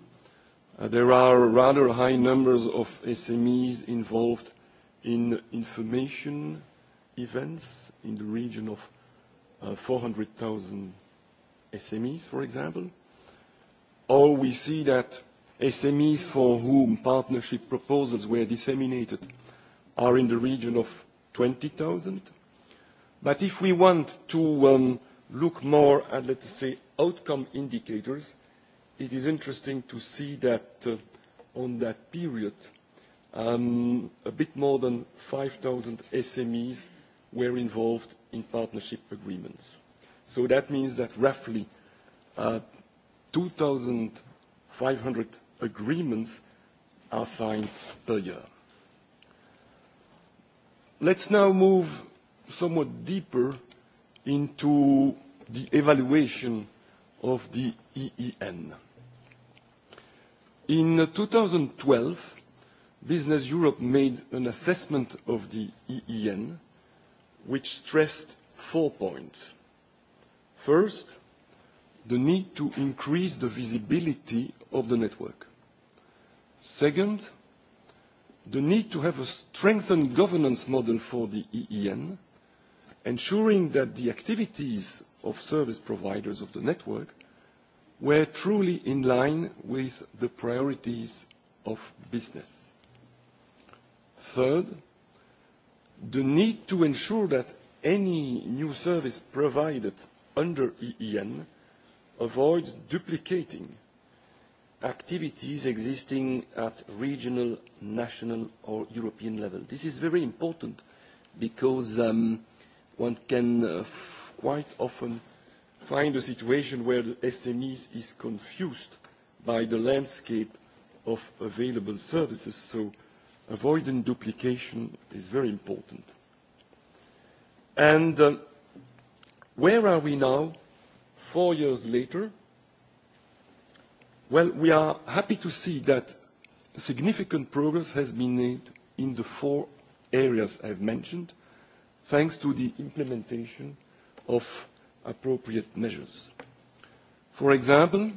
there are rather high numbers of SMEs involved in information events in the region of 400,000 SMEs, for example. Or we see that SMEs for whom partnership proposals were disseminated are in the region of 20,000. But if we want to look more at, let's say, outcome indicators, it is interesting to see that on that period, A bit more than 5,000 SMEs were involved in partnership agreements. So that means that roughly 2,500 agreements are signed per year. Let's now move somewhat deeper into the evaluation of the EEN. In 2012, Business Europe made an assessment of the EEN which stressed four points. First, the need to increase the visibility of the network. Second, the need to have a strengthened governance model for the EEN, ensuring that the activities of service providers of the network were truly in line with the priorities of business. Third, the need to ensure that any new service provided under EEN avoids duplicating activities existing at regional, national or European level. This is very important because one can quite often find a situation where the SMEs is confused by the landscape of available services. So avoiding duplication is very important. And where are we now, four years later? Well, we are happy to see that significant progress has been made in the four areas I've mentioned, thanks to the implementation of appropriate measures. For example,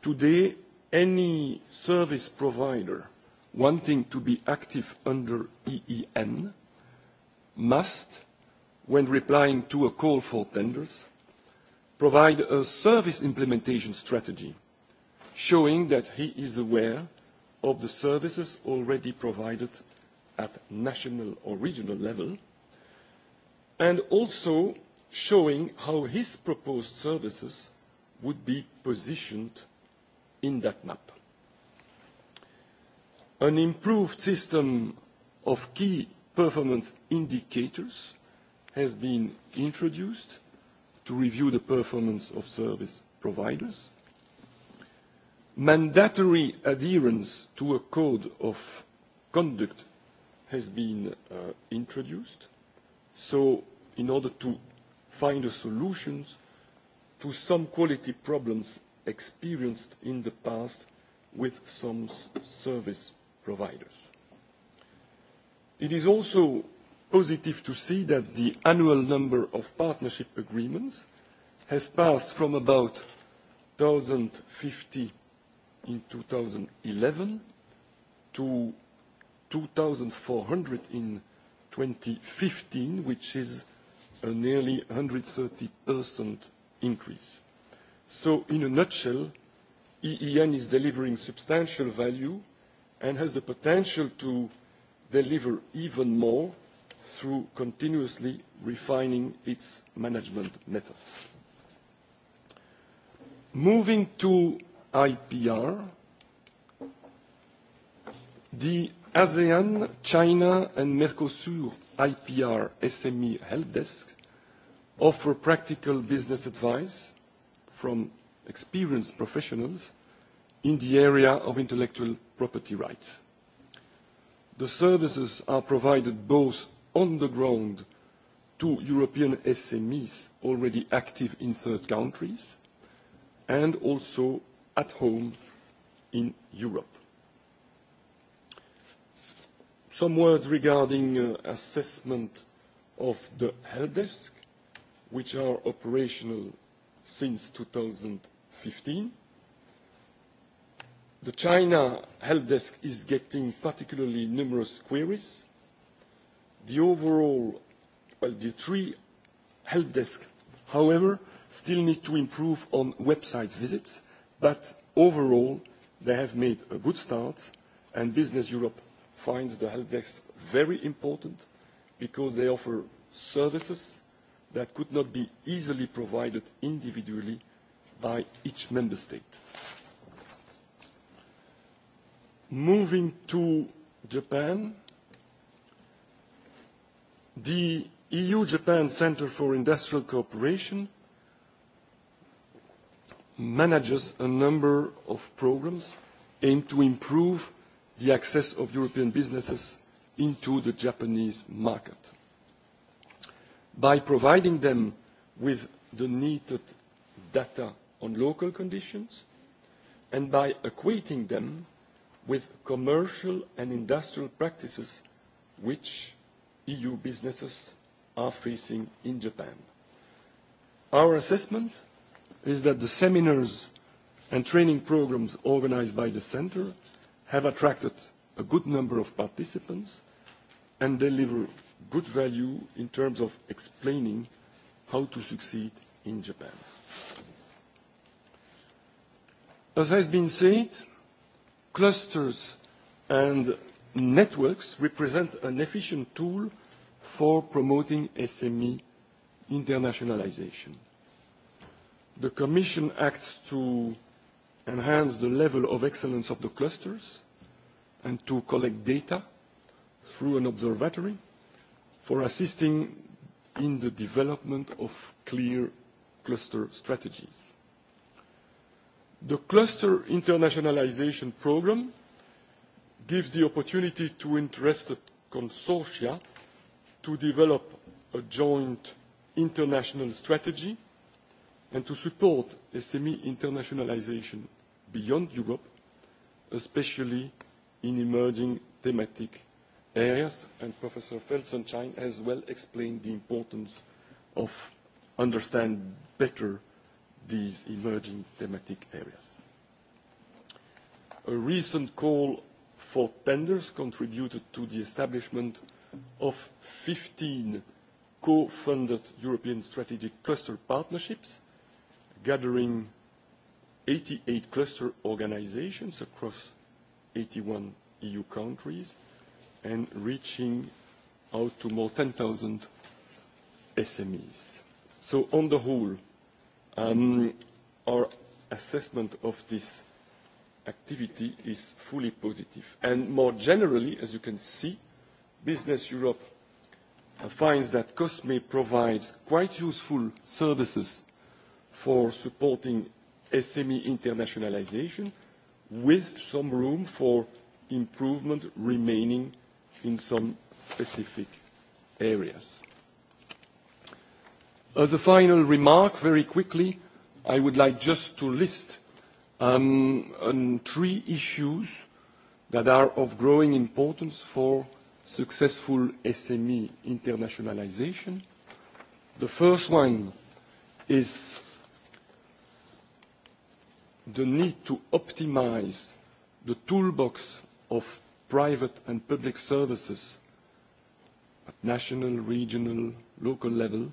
today, any service provider wanting to be active under EEN must, when replying to a call for tenders, provide a service implementation strategy showing that he is aware of the services already provided at national or regional level and also showing how his proposed services would be positioned in that map an improved system of key performance indicators has been introduced to review the performance of service providers. Mandatory adherence to a code of conduct has been introduced, so in order to find solutions to some quality problems experienced in the past with some service providers. It is also positive to see that the annual number of partnership agreements has passed from about 1,050 in 2011 to 2,400 in 2015, which is a nearly 130% increase. So, in a nutshell, EEN is delivering substantial value and has the potential to deliver even more through continuously refining its management methods. Moving to IPR, the ASEAN, China and Mercosur IPR SME Help Desk offer practical business advice from experienced professionals in the area of intellectual property rights. The services are provided both on the ground to European SMEs already active in third countries and also at home in Europe. Some words regarding assessment of the help which are operational since 2015. The China help desk is getting particularly numerous queries. The overall, well, the three help desks, however, still need to improve on website visits, but overall they have made a good start, and Business Europe finds the help desk very important because they offer services that could not be easily provided individually by each member state. Moving to Japan, the EU-Japan Centre for Industrial Cooperation manages a number of programs aimed to improve the access of European businesses into the Japanese market. By providing them with the needed data on local conditions and by equating them with commercial and industrial practices which EU businesses are facing in Japan. Our assessment is that the seminars and training programs organized by the Center have attracted a good number of participants and deliver good value in terms of explaining how to succeed in Japan. As has been said, clusters and networks represent an efficient tool for promoting SME internationalization. The Commission acts to enhance the level of excellence of the clusters and to collect data through an observatory for assisting in the development of clear cluster strategies. The cluster internationalization program gives the opportunity to interested consortia to develop a joint international strategy and to support SME internationalization beyond Europe, especially in emerging thematic areas. And Professor Felsenstein has well explained the importance of understand better these emerging thematic areas. A recent call for tenders contributed to the establishment of 15 co-funded European strategic cluster partnerships, gathering 88 cluster organizations across 81 EU countries and reaching out to more than 10,000 SMEs. So on the whole, Our assessment of this activity is fully positive. And more generally, as you can see, Business Europe finds that COSME provides quite useful services for supporting SME internationalization with some room for improvement remaining in some specific areas. As a final remark, very quickly, I would like just to list three issues that are of growing importance for successful SME internationalization. The first one is the need to optimize the toolbox of private and public services at national, regional, local level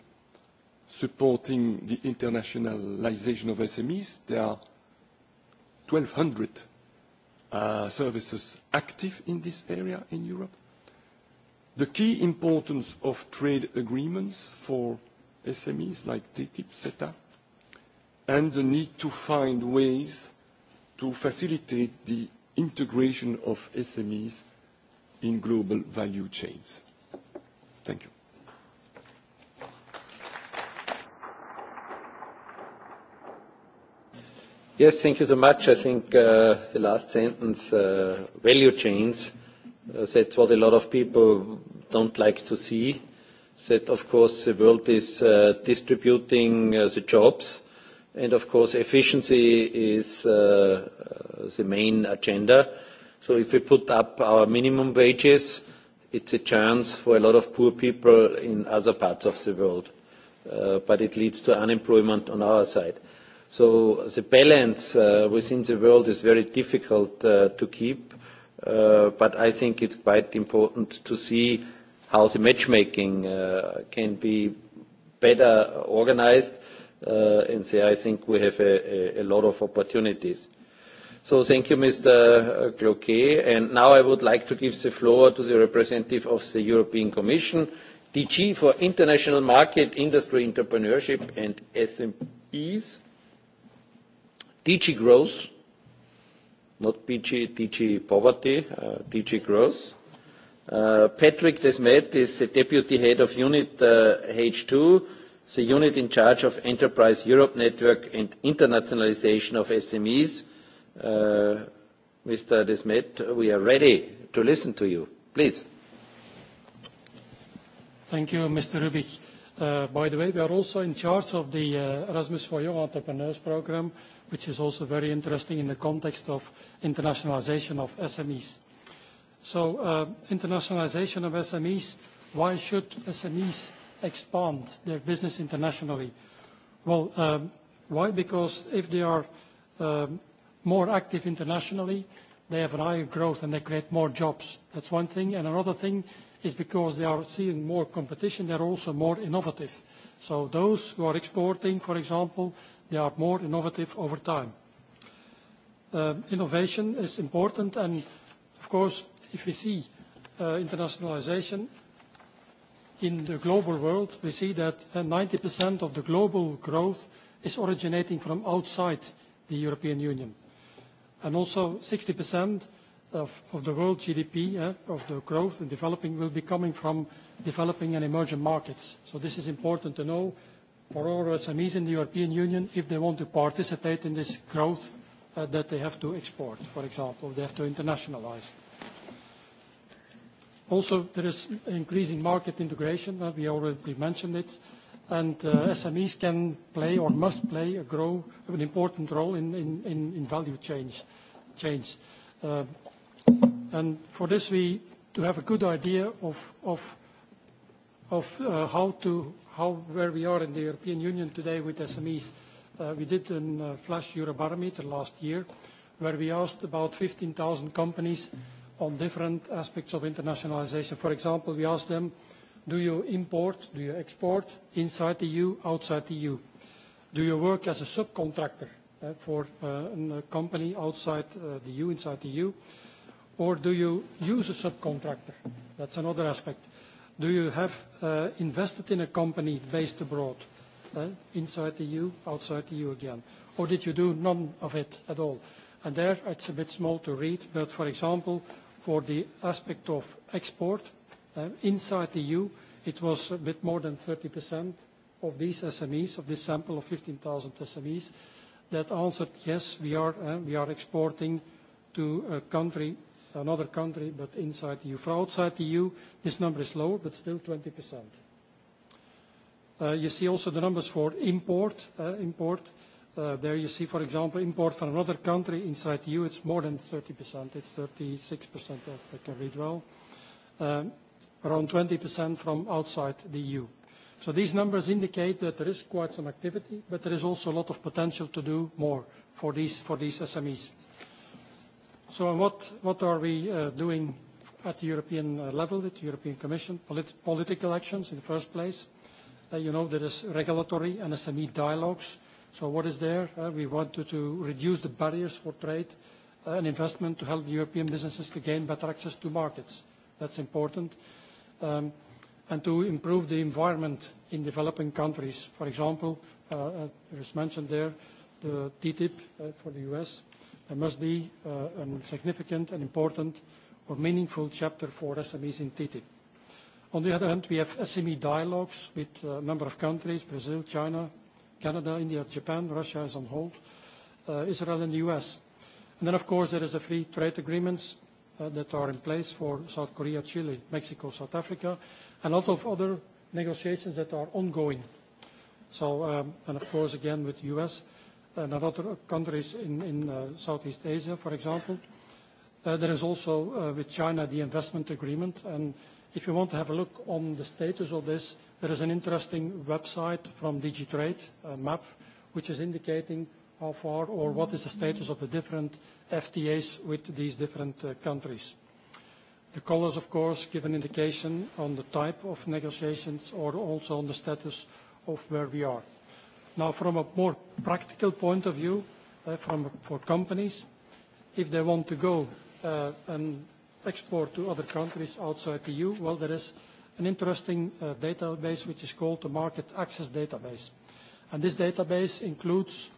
supporting the internationalization of SMEs. There are 1,200 services active in this area in Europe. The key importance of trade agreements for SMEs like TTIP, CETA, and the need to find ways to facilitate the integration of SMEs in global value chains. Thank you. Yes, thank you so much. I think the last sentence, value chains, that's what a lot of people don't like to see. That, of course, the world is distributing the jobs, and, of course, efficiency is the main agenda. So if we put up our minimum wages, it's a chance for a lot of poor people in other parts of the world, but it leads to unemployment on our side. So the balance within the world is very difficult to keep, but I think it's quite important to see how the matchmaking can be better organized, and I think we have a lot of opportunities. So thank you, Mr. Cloquet, and now I would like to give the floor to the representative of the European Commission, DG for International Market, Industry, Entrepreneurship and SMEs. DG growth, not PG, DG poverty, DG growth. Patrick Desmet is the deputy head of unit H2, the unit in charge of Enterprise Europe Network and internationalization of SMEs. Mr. Desmet, we are ready to listen to you. Please. Thank you, Mr. Rubik. By the way, we are also in charge of the Erasmus for Young Entrepreneurs program which is also very interesting in the context of internationalization of SMEs. So internationalization of SMEs, why should SMEs expand their business internationally? Well, why? Because if they are more active internationally, they have a higher growth and they create more jobs. That's one thing. And another thing is because they are seeing more competition, they're also more innovative. So those who are exporting, for example, They are more innovative over time. Innovation is important, and of course, if we see internationalization in the global world, we see that 90% of the global growth is originating from outside the European Union. And also 60% of the world GDP, of the growth in developing, will be coming from developing and emerging markets. So this is important to know for all SMEs in the European Union if they want to participate in this growth that they have to export, for example, they have to internationalize. Also, there is increasing market integration, we already mentioned it, and SMEs can play or must play a an important role in value change. And for this, we to have a good idea of how to how where we are in the European Union today with SMEs. We did a flash Eurobarometer last year where we asked about 15,000 companies on different aspects of internationalization. For example, we asked them, do you import, do you export inside the EU, outside the EU? Do you work as a subcontractor for a company outside the EU, inside the EU? Or do you use a subcontractor? That's another aspect. Do you have invested in a company based abroad, inside the EU, outside the EU again? Or did you do none of it at all? And there, it's a bit small to read, but for example, for the aspect of export, inside the EU, it was a bit more than 30% of these SMEs, of this sample of 15,000 SMEs, that answered, yes, we are exporting to a country another country, but inside the EU. For outside the EU, this number is lower, but still 20%. You see also the numbers for import. Import, There you see, for example, import from another country inside the EU, it's more than 30%. It's 36%, I can read well. Around 20% from outside the EU. So these numbers indicate that there is quite some activity, but there is also a lot of potential to do more for these SMEs. So what are we doing at the European level, at the European Commission? Political actions in the first place. You know, there is regulatory and SME dialogues. So what is there? We want to reduce the barriers for trade and investment to help European businesses to gain better access to markets. That's important. And to improve the environment in developing countries. For example, there was mentioned there, the TTIP for the U.S., There must be a significant and important or meaningful chapter for SMEs in TTIP. On the other hand, we have SME dialogues with a number of countries, Brazil, China, Canada, India, Japan, Russia is on hold, Israel and the U.S. And then, of course, there is the free trade agreements that are in place for South Korea, Chile, Mexico, South Africa, and a lot of other negotiations that are ongoing. So, and of course, again, with the U.S., and other countries in Southeast Asia, for example. There is also with China the investment agreement, and if you want to have a look on the status of this, there is an interesting website from DigiTrade, a map, which is indicating how far or what is the status of the different FTAs with these different countries. The colors, of course, give an indication on the type of negotiations or also on the status of where we are. Now, from a more practical point of view, for companies, if they want to go and export to other countries outside the EU, well, there is an interesting database which is called the Market Access Database. And this database includes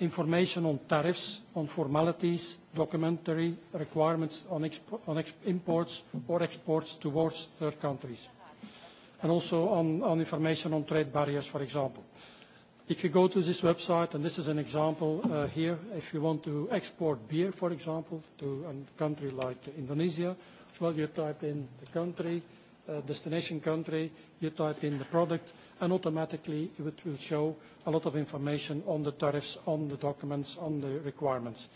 information on tariffs, on formalities, documentary requirements on imports or exports towards third countries and also on information on trade barriers, for example. If you go to this website, and this is an example here, if you want to export beer, for example, to a country like Indonesia, well, you type in the country, destination country, you type in the product, and automatically it will show a lot of information on the tariffs, on the documents, on the requirements.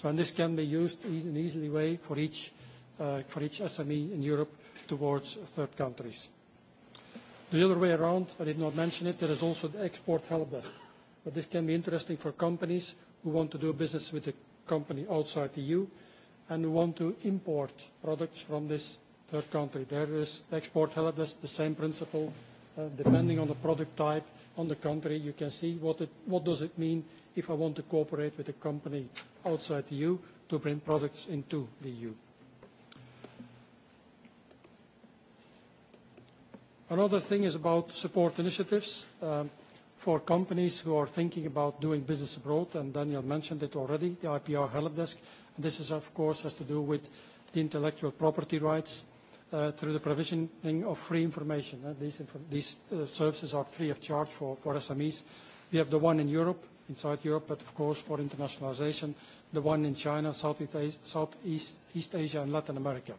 So, this can be used in an easy way for each SME in Europe towards third countries. The other way around, I did not mention it, there is also the export help desk. But this can be interesting for companies who want to do business with a company outside the EU and who want to import products from this third country. There is export help desk, the same principle, depending on the product type, on the country, you can see what what does it mean if I want to cooperate with a company outside the EU to bring products into the EU. Another thing is about support initiatives for companies who are thinking about doing business abroad, and Daniel mentioned it already, the IPR Helpdesk. Desk. This is, of course, has to do with the intellectual property rights through the provisioning of free information. These services are free of charge for SMEs. We have the one in Europe, inside Europe, but of course for internationalization, the one in China, Southeast Asia, and Latin America.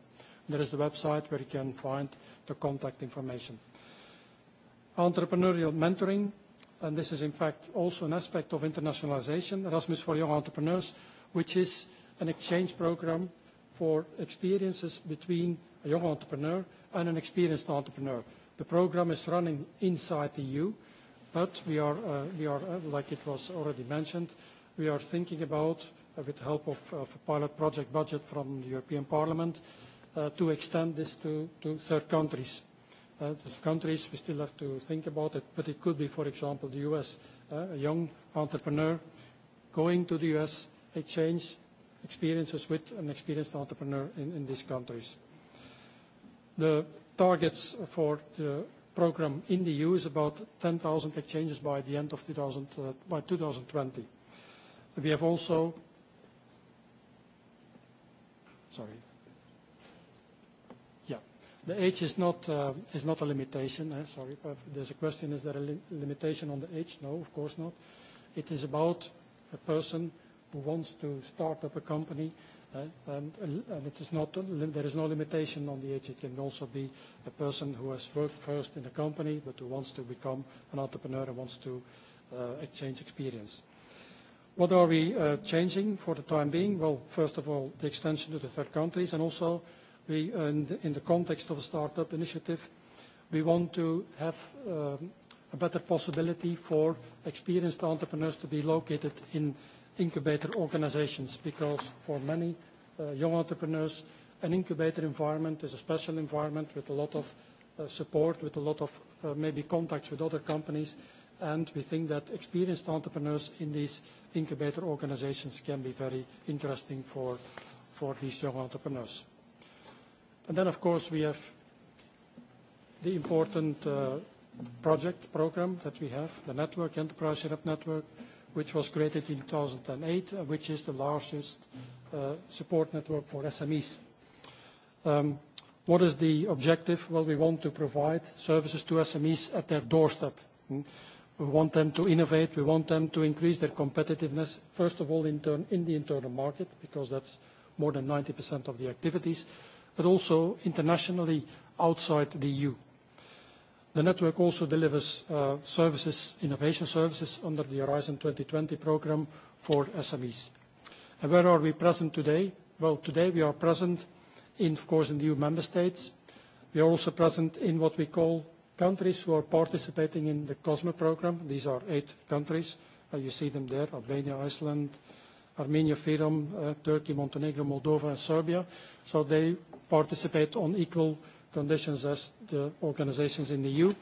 There is the website where you can find the contact information. Entrepreneurial mentoring, and this is in fact also an aspect of internationalization, Erasmus for Young Entrepreneurs, which is an exchange program for experiences between a young entrepreneur and an experienced entrepreneur. The program is running inside the EU, but we are, like it was already mentioned, we are thinking about, with the help of a pilot project budget from the European Parliament, to extend this to third countries. Those countries, we still have to think about it, but it could be, for example, the U.S. A young entrepreneur going to the U.S. exchange experiences with an experienced entrepreneur in these countries. The targets for the program in the EU is about 10,000 exchanges by the end of 2020. We have also... Sorry. The age is not a limitation. Sorry, there's a question: Is there a limitation on the age? No, of course not. It is about a person who wants to start up a company, and there is no limitation on the age. It can also be a person who has worked first in a company but who wants to become an entrepreneur and wants to exchange experience. What are we changing for the time being? Well, first of all, the extension to the third countries and also we, in the context of a startup initiative, we want to have a better possibility for experienced entrepreneurs to be located in incubator organizations because for many young entrepreneurs, an incubator environment is a special environment with a lot of support, with a lot of maybe contacts with other companies, and we think that experienced entrepreneurs in these incubator organizations can be very interesting for these young entrepreneurs. And then, of course, we have the important project program that we have, the network, Enterprise Europe Network, which was created in 2008, which is the largest support network for SMEs. What is the objective? Well, we want to provide services to SMEs at their doorstep. We want them to innovate. We want them to increase their competitiveness, first of all, in the internal market, because that's more than 90% of the activities, but also internationally outside the EU. The network also delivers services, innovation services under the Horizon 2020 program for SMEs. And where are we present today? Well, today we are present in, of course, in the EU member states. We are also present in what we call countries who are participating in the COSME program. These are eight countries. You see them there, Albania, Iceland, Armenia, Freedom, Turkey, Montenegro, Moldova, and Serbia. So they participate on equal conditions as the organizations in the EU.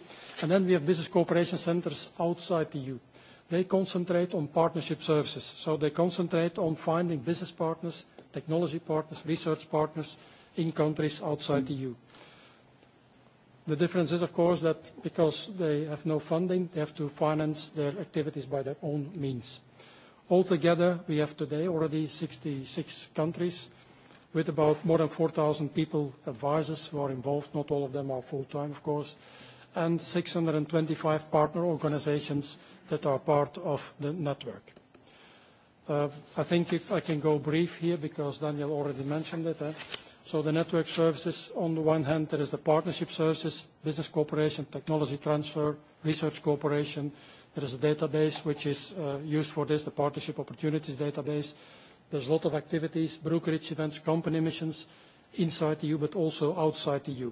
And then we have business cooperation centers outside the EU. They concentrate on partnership services. So they concentrate on finding business partners, technology partners, research partners in countries outside the EU. The difference is, of course, that because they have no funding, they have to finance their activities by their own means. Altogether, we have today already 66 countries with about more than 4,000 people, advisors who are involved. Not all of them are full-time, of course, and 625 partner organizations that are part of the network. I think if I can go brief here because Daniel already mentioned it. So the network services, on the one hand, there is the partnership services, business cooperation, technology transfer, research cooperation, There is a database which is used for this, the Partnership Opportunities Database. There's a lot of activities, brokerage events, company missions inside the EU, but also outside the EU.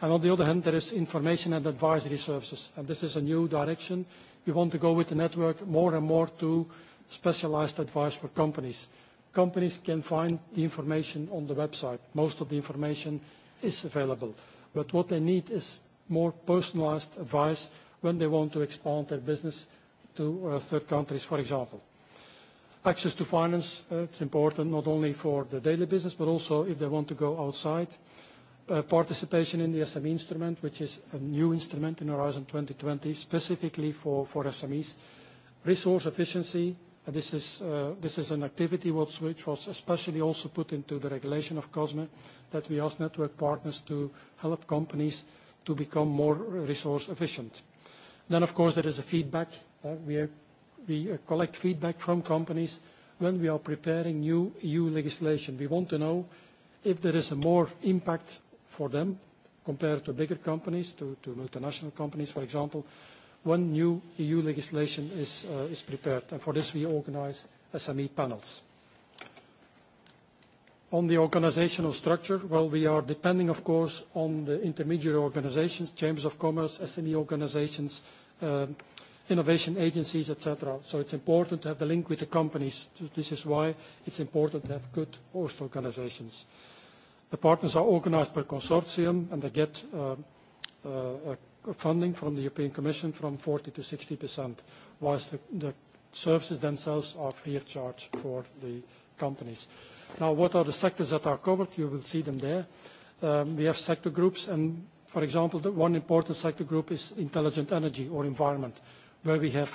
And on the other hand, there is information and advisory services. And this is a new direction. We want to go with the network more and more to specialized advice for companies. Companies can find the information on the website. Most of the information is available. But what they need is more personalized advice when they want to expand their business to third countries, for example. Access to finance, it's important not only for the daily business, but also if they want to go outside. Participation in the SME instrument, which is a new instrument in Horizon 2020, specifically for SMEs. Resource efficiency, this is an activity which was especially also put into the regulation of COSME, that we ask network partners to help companies to become more resource efficient. Then, of course, there is a feedback. We collect feedback from companies when we are preparing new EU legislation. We want to know if there is a more impact for them compared to bigger companies, to multinational companies, for example, when new EU legislation is prepared. And for this, we organize SME panels. On the organizational structure, well, we are depending, of course, on the intermediary organizations, chambers of commerce, SME organizations, innovation agencies, etc. So it's important to have the link with the companies. This is why it's important to have good host organizations. The partners are organized per consortium, and they get funding from the European Commission from 40 to 60%, whilst the services themselves are free of charge for the companies. Now, what are the sectors that are covered? You will see them there. We have sector groups, and for example, the one important sector group is intelligent energy or environment, where we have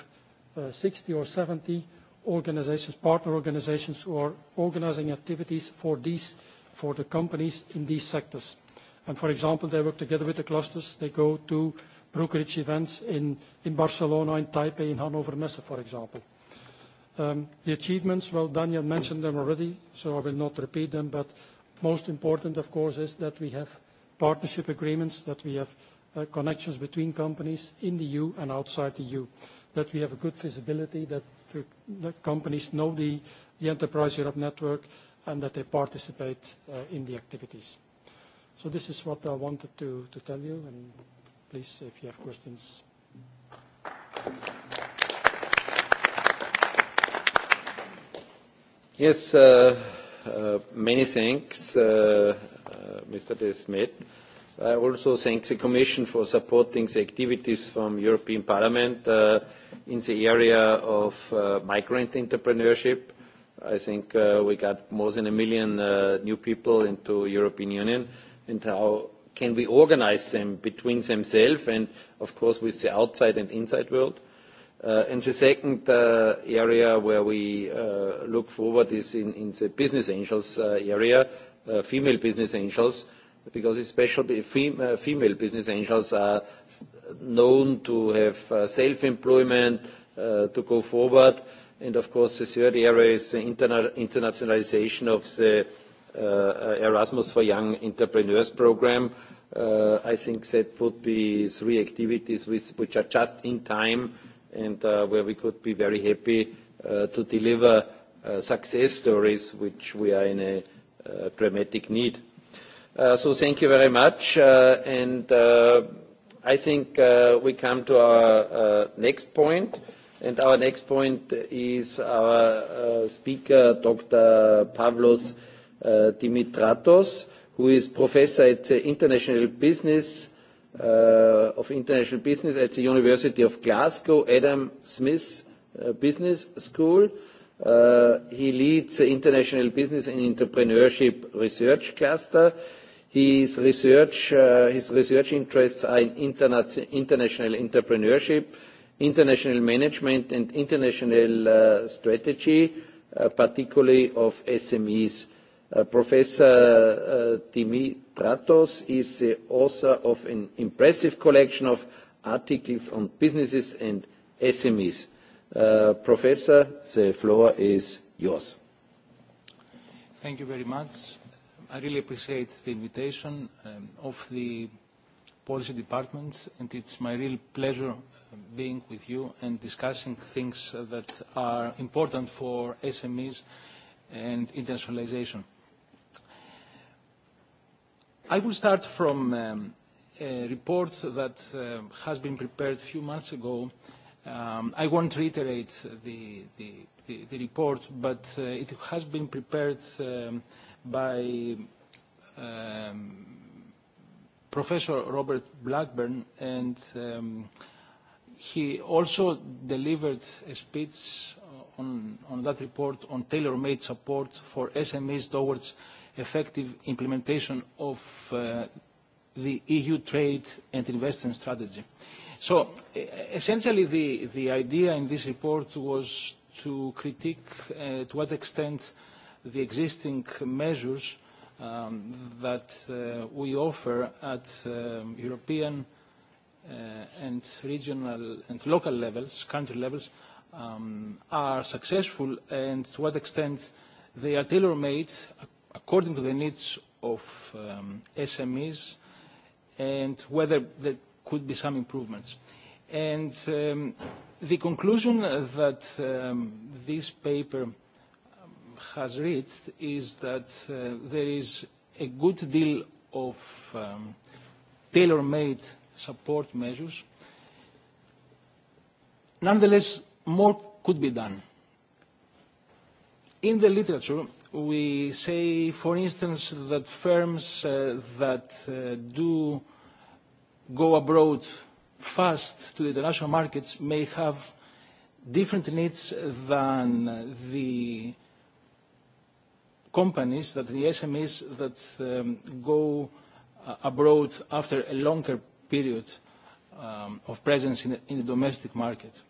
60 or 70 organizations, partner organizations, who are organizing activities for these, for the companies in these sectors. And for example, they work together with the clusters. They go to brokerage events in Barcelona, in Taipei, in Hannover Messe, for example. The achievements, well, Daniel mentioned them already, so I will not repeat them, but most important, of course, is that we have partnership agreements, that we have connections between companies in the EU and outside the EU, that we have a good visibility, that the companies know the Enterprise Europe network, and that they participate in the activities. So this is what I wanted to tell you, and please, if you have questions. Yes, many thanks, Mr. De Smet. I also thank the Commission for supporting the activities from European Parliament in the area of migrant entrepreneurship. I think we got more than a million new people into European Union and how can we organize them between themselves and, of course, with the outside and inside world. And the second area where we look forward is in the business angels area, female business angels, because especially female business angels are known to have self-employment, to go forward. And of course, the third area is the internationalization of the Erasmus for Young Entrepreneurs program. I think that would be three activities which are just in time and where we could be very happy to deliver success stories which we are in a dramatic need. So thank you very much and I think we come to our next point and our next point is our speaker Dr. Pavlos Dimitratos who is professor at the International Business of International Business at the University of Glasgow, Adam Smith Business School. He leads the International Business and Entrepreneurship Research Cluster. His research interests are in international entrepreneurship, international management and international strategy, particularly of SMEs. Professor Dimitratos is the author of an impressive collection of articles on businesses and SMEs. Professor, the floor is yours. Thank you very much. I really appreciate the invitation of the policy department, and it's my real pleasure being with you and discussing things that are important for SMEs and internationalization. I will start from a report that has been prepared a few months ago. I won't reiterate the report, but it has been prepared by Professor Robert Blackburn, and he also delivered a speech on that report on tailor-made support for SMEs towards effective implementation of the EU trade and investment strategy. So essentially the idea in this report was to critique to what extent the existing measures that we offer at European and regional and local levels, country levels, are successful and to what extent they are tailor-made according to the needs of SMEs and whether there could be some improvements. And the conclusion that this paper has reached is that there is a good deal of tailor-made support measures. Nonetheless, more could be done. In the literature, we say, for instance, that firms that do go abroad fast to the international markets may have different needs than the companies, that the SMEs that go abroad after a longer period of presence in the domestic market.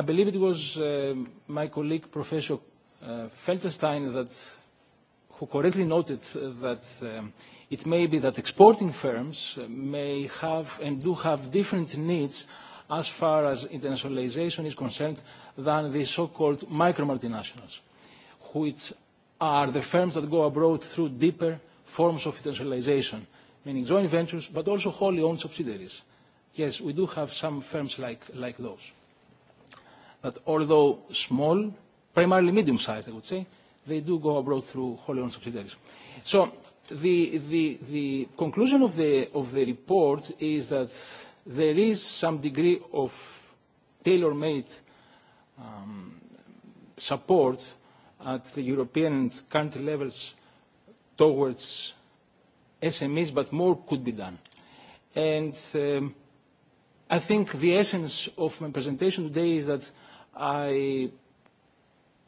I believe it was my colleague Professor Feltenstein that who correctly noted that it may be that exporting firms may have and do have different needs as far as internationalization is concerned than the so-called micro-multinationals, which are the firms that go abroad through deeper forms of internationalization, meaning joint ventures, but also wholly owned subsidiaries. Yes, we do have some firms like those that although small, primarily medium-sized, I would say, they do go abroad through wholly owned subsidiaries. So the conclusion of the report is that there is some degree of tailor-made support at the European and country levels towards SMEs, but more could be done. And I think the essence of my presentation today is that I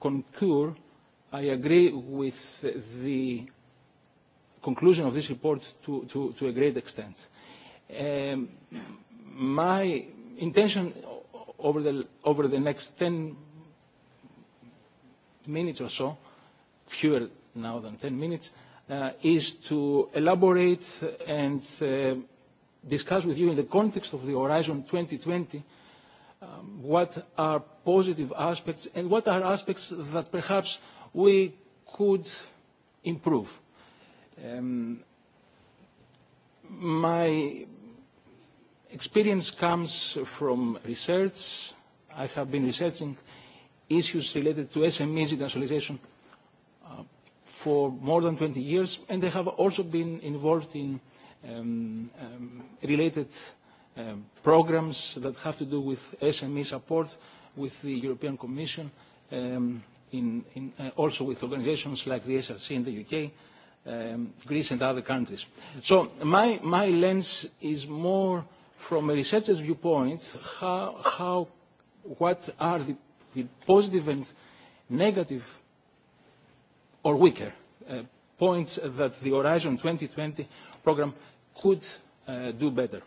concur, I agree with the conclusion of this report to a great extent. My intention over the over the next 10 minutes or so, fewer now than 10 minutes, is to elaborate and discuss with you in the context of the Horizon 2020 what are positive aspects and what are aspects that perhaps we could improve. My experience comes from research. I have been researching issues related to SMEs internationalization for more than 20 years, and I have also been involved in related programs that have to do with SME support with the European Commission, also with organizations like the SRC in the UK, Greece and other countries. So my lens is more from a researcher's viewpoint, how, what are the positive and negative or weaker points that the Horizon 2020 program could do better.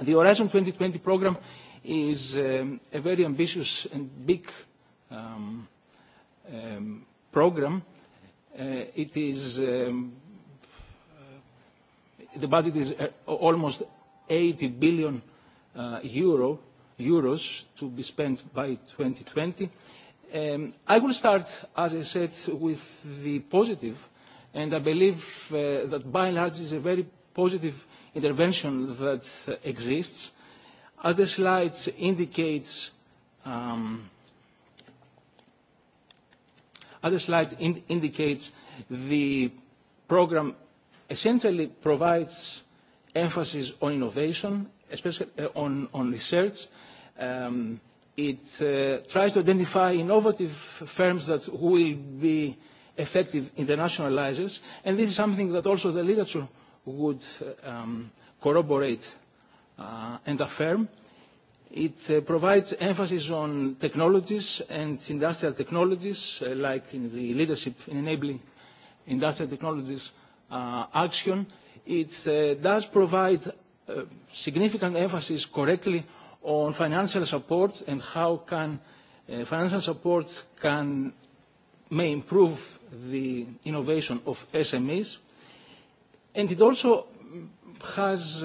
The Horizon 2020 program is a very ambitious and big program. It is the budget is almost 80 billion euros to be spent by 2020. I will start, as I said, with the positive, and I believe that by and large is a very positive intervention that exists. As the slides indicates, as the slide indicates, the program essentially provides emphasis on innovation, especially on research. It tries to identify innovative firms that will be effective internationalizers, and this is something that also the literature would corroborate and affirm. It provides emphasis on technologies and industrial technologies, like in the leadership in enabling industrial technologies action. It does provide significant emphasis correctly on financial support and how can financial support can may improve the innovation of SMEs and it also has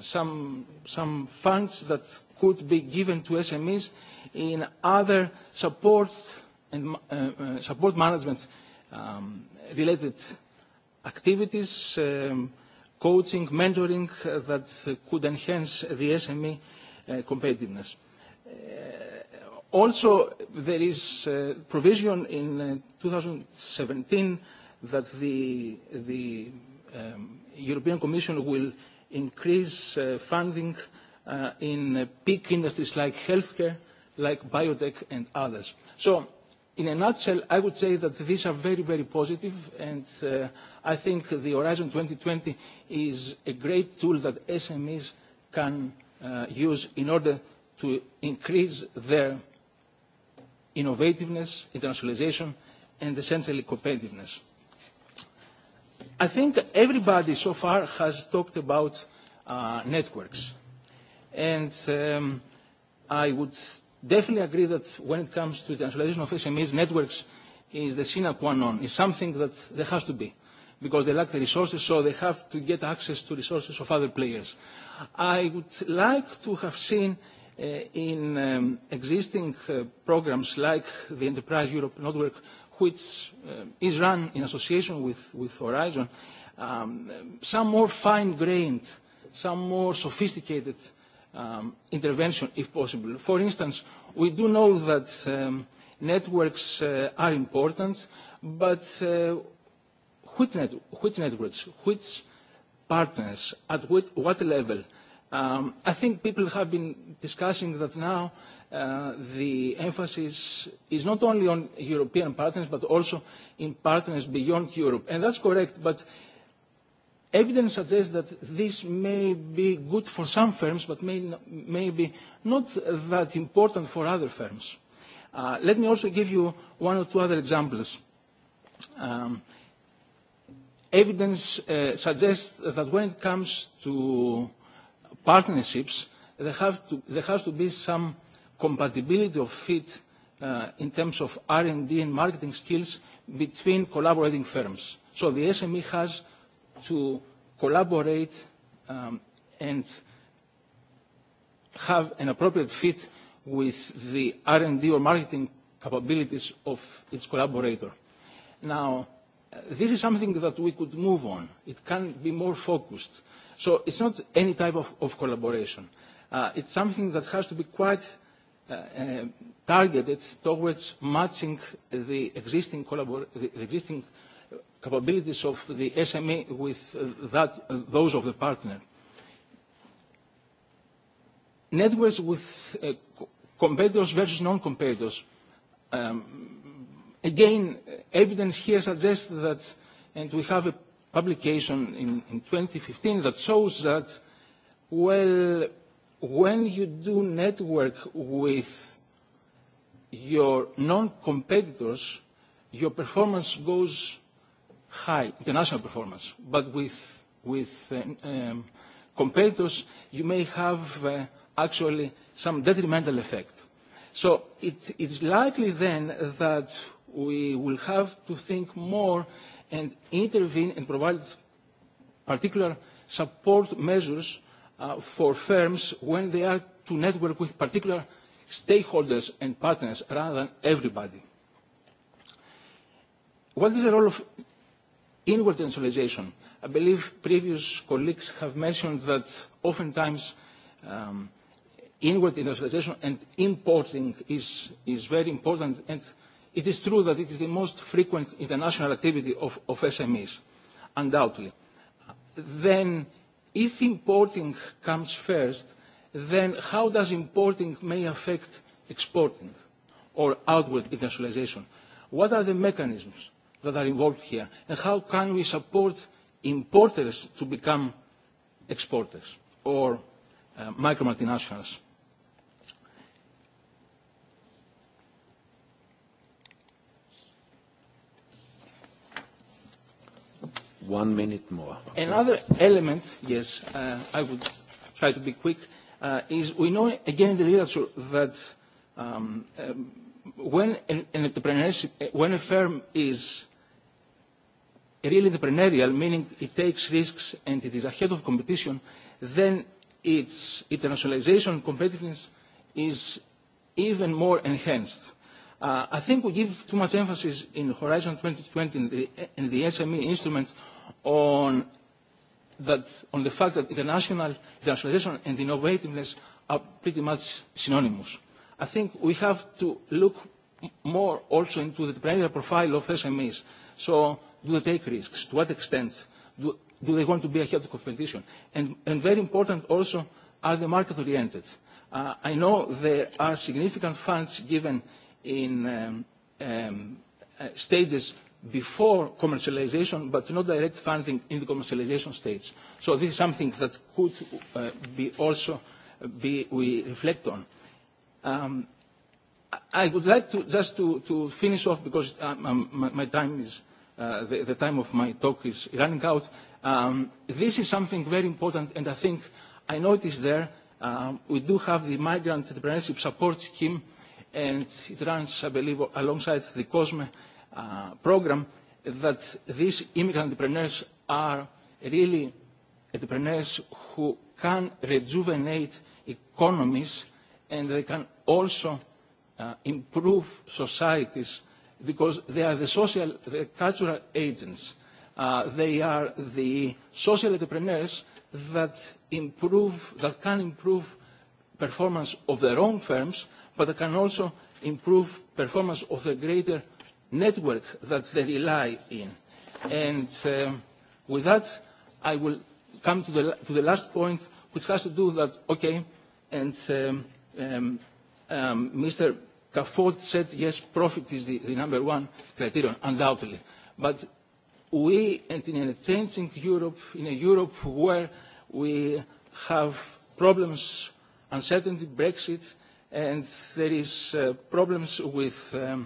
some some funds that could be given to SMEs in other support and support management related activities, coaching, mentoring that could enhance the SME competitiveness. Also, there is provision in 2017 that the the The European Commission will increase funding in peak industries like healthcare, like biotech and others. So in a nutshell, I would say that these are very, very positive and I think the Horizon 2020 is a great tool that SMEs can use in order to increase their innovativeness, internationalization and essentially competitiveness. I think everybody so far has talked about networks. And I would definitely agree that when it comes to the translation of SMEs, networks is the sine qua non, is something that there has to be because they lack the resources, so they have to get access to resources of other players. I would like to have seen in existing programs like the Enterprise Europe Network which is run in association with Horizon, some more fine-grained, some more sophisticated intervention, if possible. For instance, we do know that networks are important, but which networks, which partners, at what level? I think people have been discussing that now the emphasis is not only on European partners, but also in partners beyond Europe. And that's correct, but evidence suggests that this may be good for some firms, but may be not that important for other firms. Let me also give you one or two other examples. Evidence suggests that when it comes to partnerships, there has to be some compatibility of fit in terms of R&D and marketing skills between collaborating firms. So the SME has to collaborate and have an appropriate fit with the R&D or marketing capabilities of its collaborator. Now, this is something that we could move on. It can be more focused. So it's not any type of collaboration. It's something that has to be quite targeted towards matching the existing existing capabilities of the SME with those of the partner. Networks with competitors versus non-competitors. Again, evidence here suggests that, and we have a publication in 2015 that shows that, well, when you do network with your non-competitors, your performance goes high, international performance. But with, with competitors, you may have actually some detrimental effect. So it, is likely then that we will have to think more and intervene and provide particular support measures for firms when they are to network with particular stakeholders and partners rather than everybody. What is the role of inward internationalization? I believe previous colleagues have mentioned that oftentimes inward internationalization and importing is very important, and it is true that it is the most frequent international activity of SMEs, undoubtedly. Then If importing comes first, then how does importing may affect exporting or outward internationalization? What are the mechanisms that are involved here? And how can we support importers to become exporters or micro-multinationals? one minute more. Another element, yes, I would try to be quick, is we know again in the literature that when an entrepreneurship, when a firm is really entrepreneurial, meaning it takes risks and it is ahead of competition, then its internationalization competitiveness is even more enhanced. I think we give too much emphasis in Horizon 2020 and the SME instrument on that on the fact that international internationalization and innovativeness are pretty much synonymous. I think we have to look more also into the profile of SMEs. So do they take risks? To what extent? Do they want to be ahead of competition? And very important also, are they market-oriented? I know there are significant funds given in stages before commercialization, but no direct funding in the commercialization stage. So this is something that could be also be we reflect on. I would like to just to finish off because my time is the time of my talk is running out. This is something very important, and I think I noticed there we do have the migrant entrepreneurship support scheme and it runs, I believe, alongside the COSME program, that these immigrant entrepreneurs are really entrepreneurs who can rejuvenate economies and they can also improve societies because they are the social, the cultural agents. They are the social entrepreneurs that improve, that can improve performance of their own firms but can also improve performance of the greater network that they rely in. And with that, I will come to the, to the last point, which has to do that, okay, and um, um, Mr. Cafford said, yes, profit is the, the number one criterion, undoubtedly. But we, and in a changing Europe, in a Europe where we have problems, uncertainty, Brexit, and there is problems with the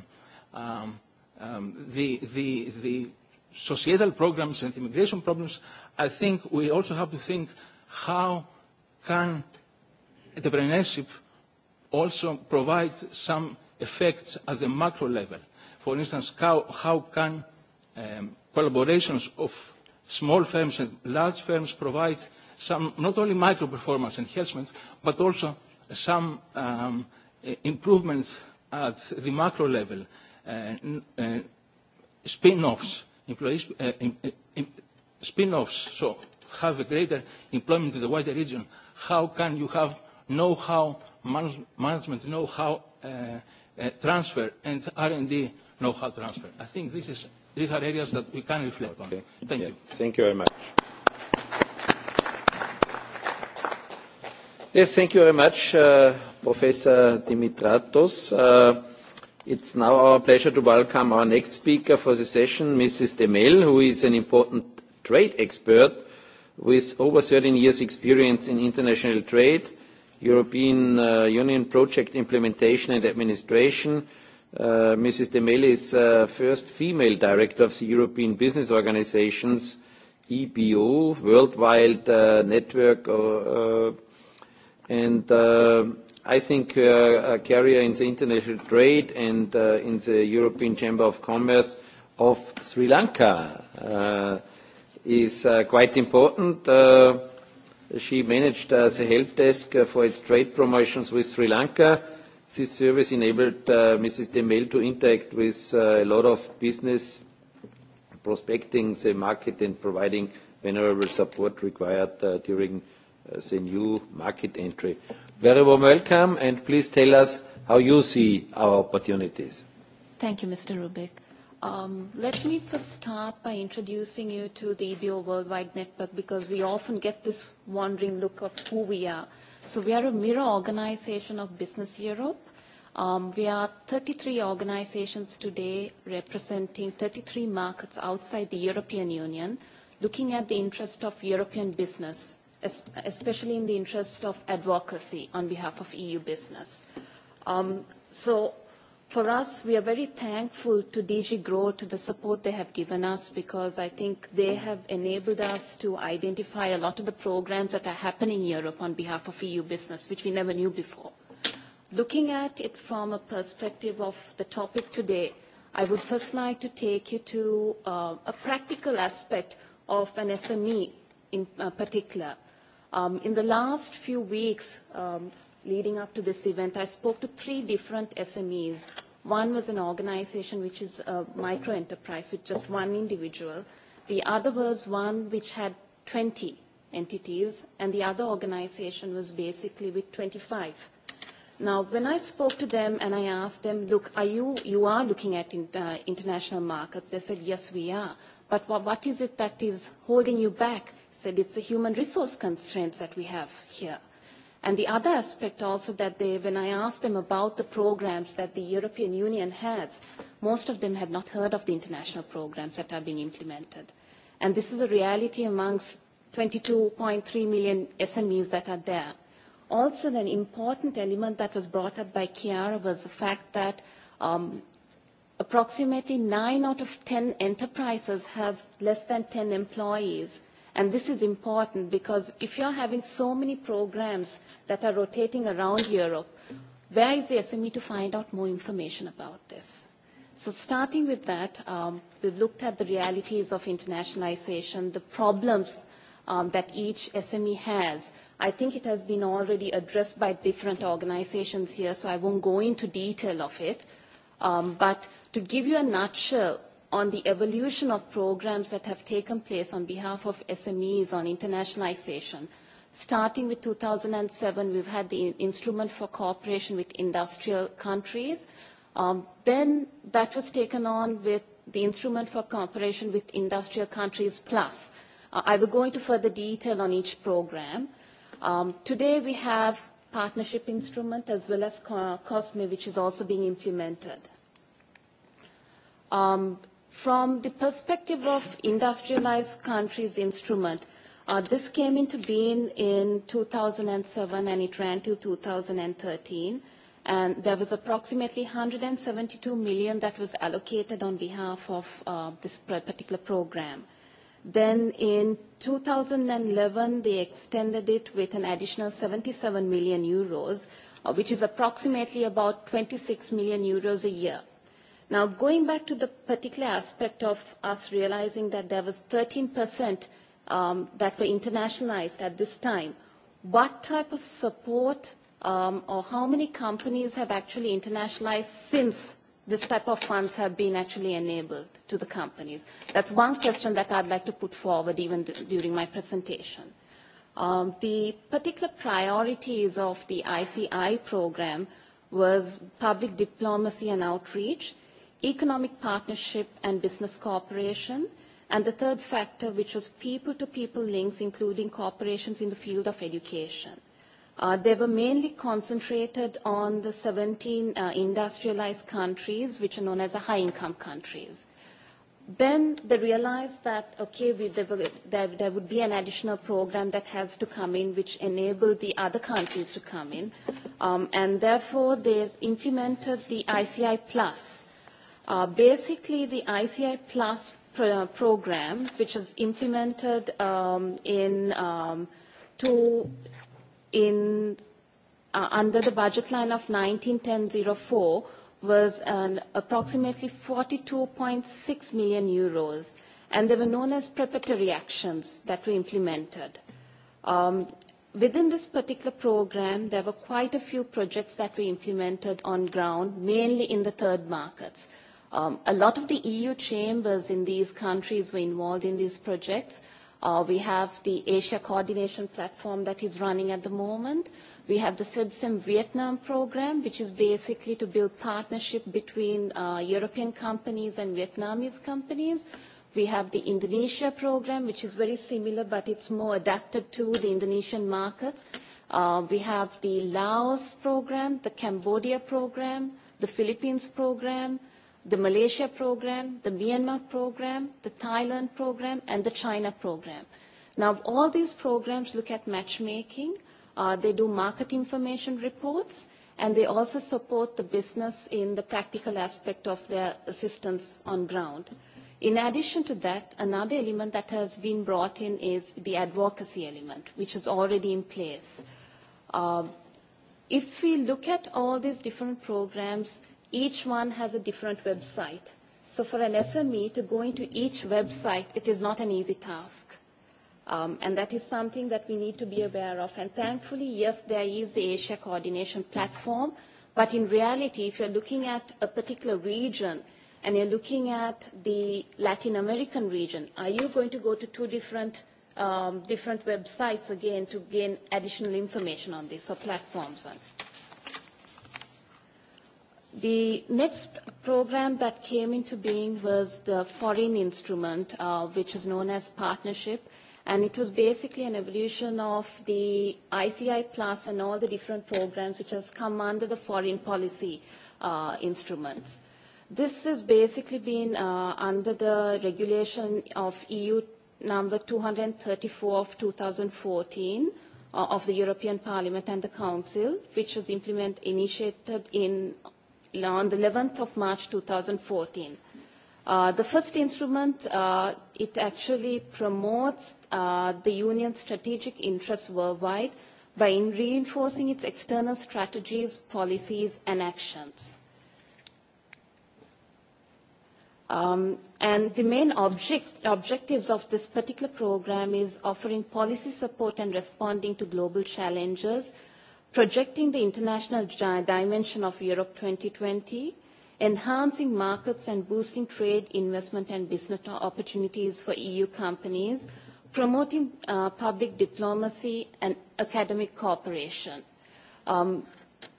the societal programs and immigration problems, I think we also have to think how can entrepreneurship also provide some effects at the macro level. For instance, how can collaborations of small firms and large firms provide some not only micro performance enhancements, but also some improvements at the macro level, spin-offs, employees, spin-offs, so have a greater employment in the wider region. How can you have know-how, management know-how transfer and R&D know-how transfer? I think these are areas that we can reflect on. Thank you. Thank you very much. Yes, thank you very much, Professor Dimitratos. It's now our pleasure to welcome our next speaker for the session, Mrs. Demel, who is an important trade expert with over 13 years' experience in international trade, European Union project implementation and administration. Mrs. Demel is first female director of the European Business Organizations, EBO, worldwide network And I think carrier in the international trade and in the European Chamber of Commerce of Sri Lanka is quite important. She managed the help desk for its trade promotions with Sri Lanka. This service enabled Mrs. Demel to interact with a lot of business, prospecting the market and providing venerable support required during the new market entry. Very warm welcome, and please tell us how you see our opportunities. Thank you, Mr. Rubik. Let me first start by introducing you to the EBO Worldwide Network because we often get this wandering look of who we are. So we are a mirror organization of Business Europe. We are 33 organizations today representing 33 markets outside the European Union, looking at the interest of European business especially in the interest of advocacy on behalf of EU business. So for us, we are very thankful to DG GROW to the support they have given us because I think they have enabled us to identify a lot of the programs that are happening in Europe on behalf of EU business, which we never knew before. Looking at it from a perspective of the topic today, I would first like to take you to a practical aspect of an SME in particular In the last few weeks leading up to this event, I spoke to three different SMEs. One was an organization which is a micro-enterprise with just one individual. The other was one which had 20 entities, and the other organization was basically with 25. Now, when I spoke to them and I asked them, look, are you, you are looking at international markets, they said, yes, we are. But what is it that is holding you back? said it's the human resource constraints that we have here. And the other aspect also that they, when I asked them about the programs that the European Union has, most of them had not heard of the international programs that are being implemented. And this is a reality amongst 22.3 million SMEs that are there. Also, an important element that was brought up by Chiara was the fact that approximately 9 out of 10 enterprises have less than 10 employees. And this is important because if you're having so many programs that are rotating around Europe, where is the SME to find out more information about this? So starting with that, we've looked at the realities of internationalization, the problems that each SME has. I think it has been already addressed by different organizations here, so I won't go into detail of it. But to give you a nutshell on the evolution of programs that have taken place on behalf of SMEs on internationalization. Starting with 2007, we've had the Instrument for Cooperation with Industrial Countries. Then that was taken on with the Instrument for Cooperation with Industrial Countries Plus. I will go into further detail on each program. Today we have partnership instrument as well as COSME, which is also being implemented from the perspective of industrialized countries instrument. This came into being in 2007 and it ran till 2013 and there was approximately 172 million that was allocated on behalf of this particular program. Then in 2011 they extended it with an additional 77 million euros which is approximately about 26 million euros a year. Now, going back to the particular aspect of us realizing that there was 13% that were internationalized at this time, what type of support or how many companies have actually internationalized since this type of funds have been actually enabled to the companies? That's one question that I'd like to put forward even during my presentation. The particular priorities of the ICI program was public diplomacy and outreach economic partnership and business cooperation, and the third factor, which was people-to-people links, including corporations in the field of education. They were mainly concentrated on the 17 industrialized countries, which are known as the high-income countries. Then they realized that, okay, there would be an additional program that has to come in, which enabled the other countries to come in, and therefore they implemented the ICI Plus Basically, the ICI Plus program, which was implemented in in under the budget line of 191004 was an approximately 42.6 million euros, and they were known as preparatory actions that were implemented. Within this particular program, there were quite a few projects that were implemented on ground, mainly in the third markets. A lot of the EU chambers in these countries were involved in these projects. We have the Asia Coordination Platform that is running at the moment. We have the SIBSIM Vietnam program, which is basically to build partnership between European companies and Vietnamese companies. We have the Indonesia program, which is very similar, but it's more adapted to the Indonesian market. We have the Laos program, the Cambodia program, the Philippines program, the Malaysia program, the Myanmar program, the Thailand program, and the China program. Now, all these programs look at matchmaking. They do market information reports, and they also support the business in the practical aspect of their assistance on ground. In addition to that, another element that has been brought in is the advocacy element, which is already in place. If we look at all these different programs, each one has a different website. So for an SME to go into each website, it is not an easy task. And that is something that we need to be aware of. And thankfully, yes, there is the Asia Coordination Platform, but in reality, if you're looking at a particular region and you're looking at the Latin American region, are you going to go to two different different websites again to gain additional information on this, or platforms on The next program that came into being was the foreign instrument, which is known as partnership, and it was basically an evolution of the ICI Plus and all the different programs which has come under the foreign policy instruments. This has basically been under the regulation of EU number 234 of 2014 of the European Parliament and the Council, which was implemented initiated in on the 11th of March 2014. The first instrument, it actually promotes the Union's strategic interests worldwide by reinforcing its external strategies, policies, and actions. And the main objectives of this particular program is offering policy support and responding to global challenges, projecting the international dimension of Europe 2020, enhancing markets and boosting trade, investment and business opportunities for EU companies, promoting public diplomacy and academic cooperation.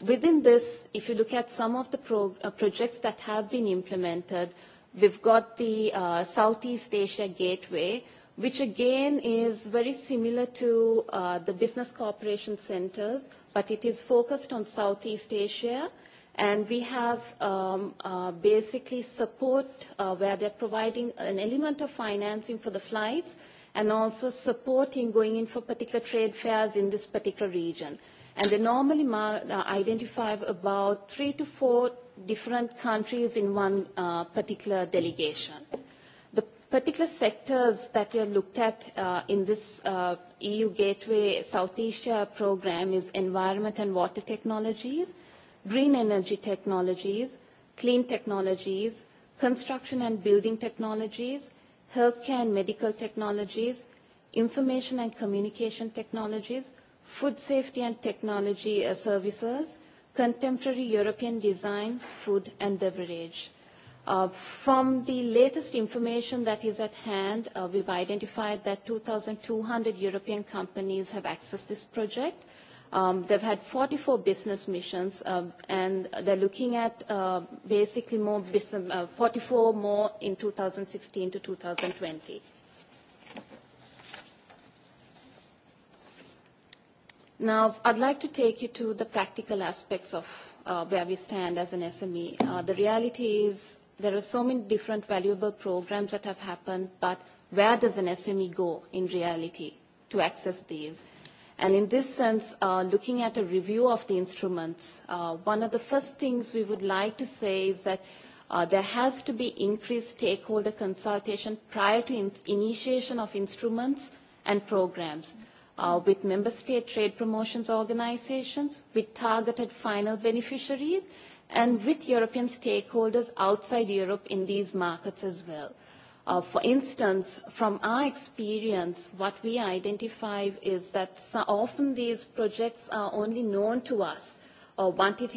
Within this, if you look at some of the projects that have been implemented, we've got the Southeast Asia Gateway, which again is very similar to the business cooperation centers, but it is focused on Southeast Asia, and we have basically support where they're providing an element of financing for the flights and also supporting going in for particular trade fairs in this particular region. And they normally identify about three to four different countries in one particular delegation. The particular sectors that are looked at in this EU Gateway South Asia programme is environment and water technologies, green energy technologies, clean technologies, construction and building technologies, healthcare and medical technologies, information and communication technologies, food safety and technology services, contemporary European design, food and beverage. From the latest information that is at hand, we've identified that 2,200 European companies have accessed this project. They've had 44 business missions, and they're looking at basically more 44 more in 2016 to 2020. Now, I'd like to take you to the practical aspects of where we stand as an SME. The reality is there are so many different valuable programs that have happened, but where does an SME go in reality to access these? And in this sense, looking at a review of the instruments, one of the first things we would like to say is that there has to be increased stakeholder consultation prior to initiation of instruments and programs with member state trade promotions organizations, with targeted final beneficiaries, and with European stakeholders outside Europe in these markets as well. For instance, from our experience, what we identify is that often these projects are only known to us once it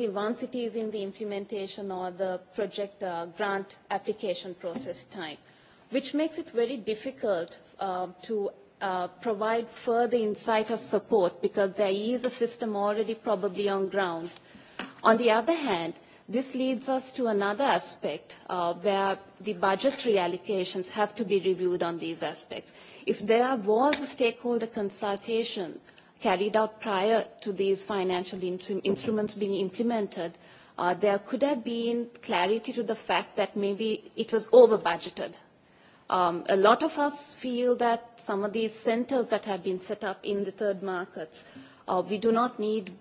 is in the implementation or the project grant application process time, which makes it very difficult to provide further insight or support because there is a system already probably on ground On the other hand, this leads us to another aspect where the budgetary allocations have to be reviewed on these aspects. If there was a stakeholder consultation carried out prior to these financial instruments being implemented, there could have been clarity to the fact that maybe it was over-budgeted. A lot of us feel that some of these centers that have been set up in the third markets, we do not need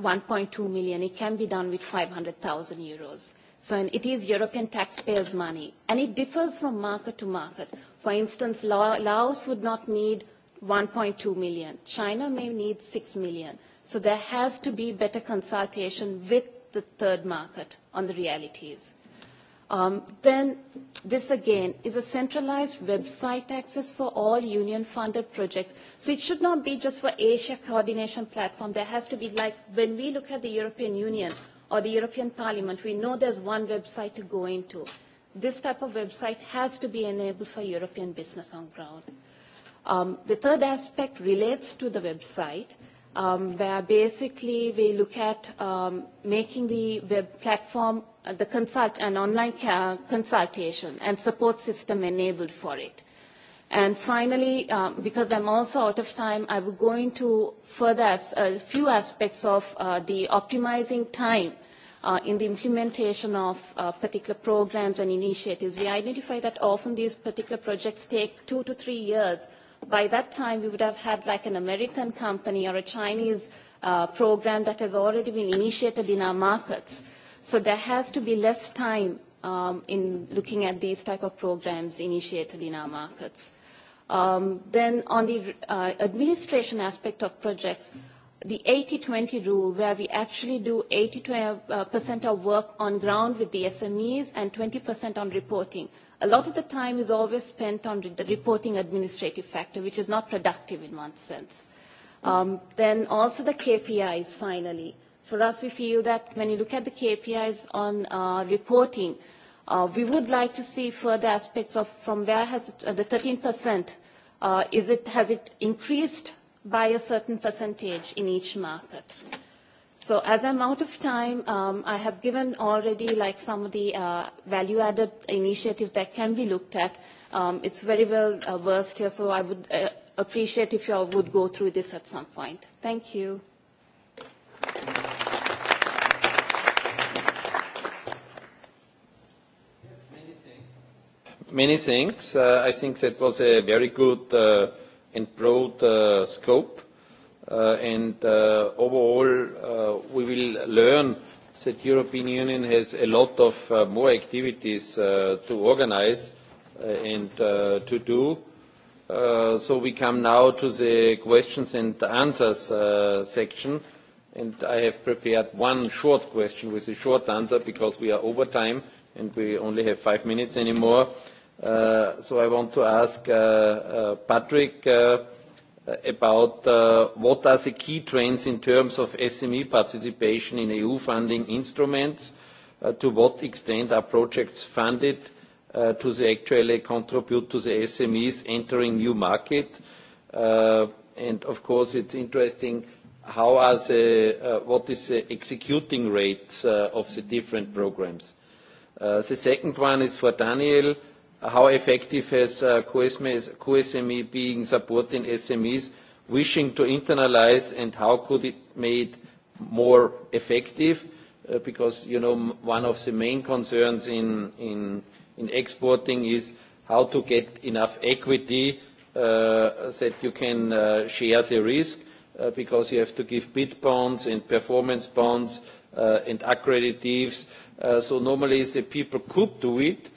1.2 million. It can be done with 500,000 euros. So it is European taxpayers' money. And it differs from market to market. For instance, Laos would not need 1.2 million. China may need 6 million. So there has to be better consultation with the third market on the realities. Then this again is a centralized website access for all union-funded projects. So it should not be just for Asia coordination platform. There has to be like when we look at the European Union or the European Parliament, we know there's one website to go into. This type of website has to be enabled for European business on ground. The third aspect relates to the website where basically we look at making the web platform the consult an online consultation and support system enabled for it. And finally, because I'm also out of time, I will go into further a few aspects of the optimizing time in the implementation of particular programs and initiatives. We identify that often these particular projects take two to three years by that time we would have had like an American company or a Chinese program that has already been initiated in our markets. So there has to be less time in looking at these type of programs initiated in our markets. Then on the administration aspect of projects, the 80-20 rule where we actually do 80% of work on ground with the SMEs and 20% on reporting a lot of the time is always spent on the reporting administrative factor, which is not productive in one sense. Then also the KPIs, finally. For us, we feel that when you look at the KPIs on reporting, we would like to see further aspects of from where has the 13%, has it increased by a certain percentage in each market? So as I'm out of time, I have given already like some of the value-added initiatives that can be looked at. It's very well versed here, so I would appreciate if you all would go through this at some point. Thank you. Many thanks. I think that was a very good and broad scope and overall we will learn that European Union has a lot of more activities to organize and to do. So we come now to the questions and answers section and I have prepared one short question with a short answer because we are over time and we only have five minutes anymore. So I want to ask Patrick about what are the key trends in terms of SME participation in EU funding instruments, to what extent are projects funded to actually contribute to the SMEs entering new market. And of course, it's interesting how are the, what is the executing rates of the different programs. The second one is for Daniel how effective has QSME being supporting SMEs wishing to internalize and how could it made more effective? Because, you know, one of the main concerns in exporting is how to get enough equity that you can share the risk because you have to give bid bonds and performance bonds and accreditives. So normally the people could do it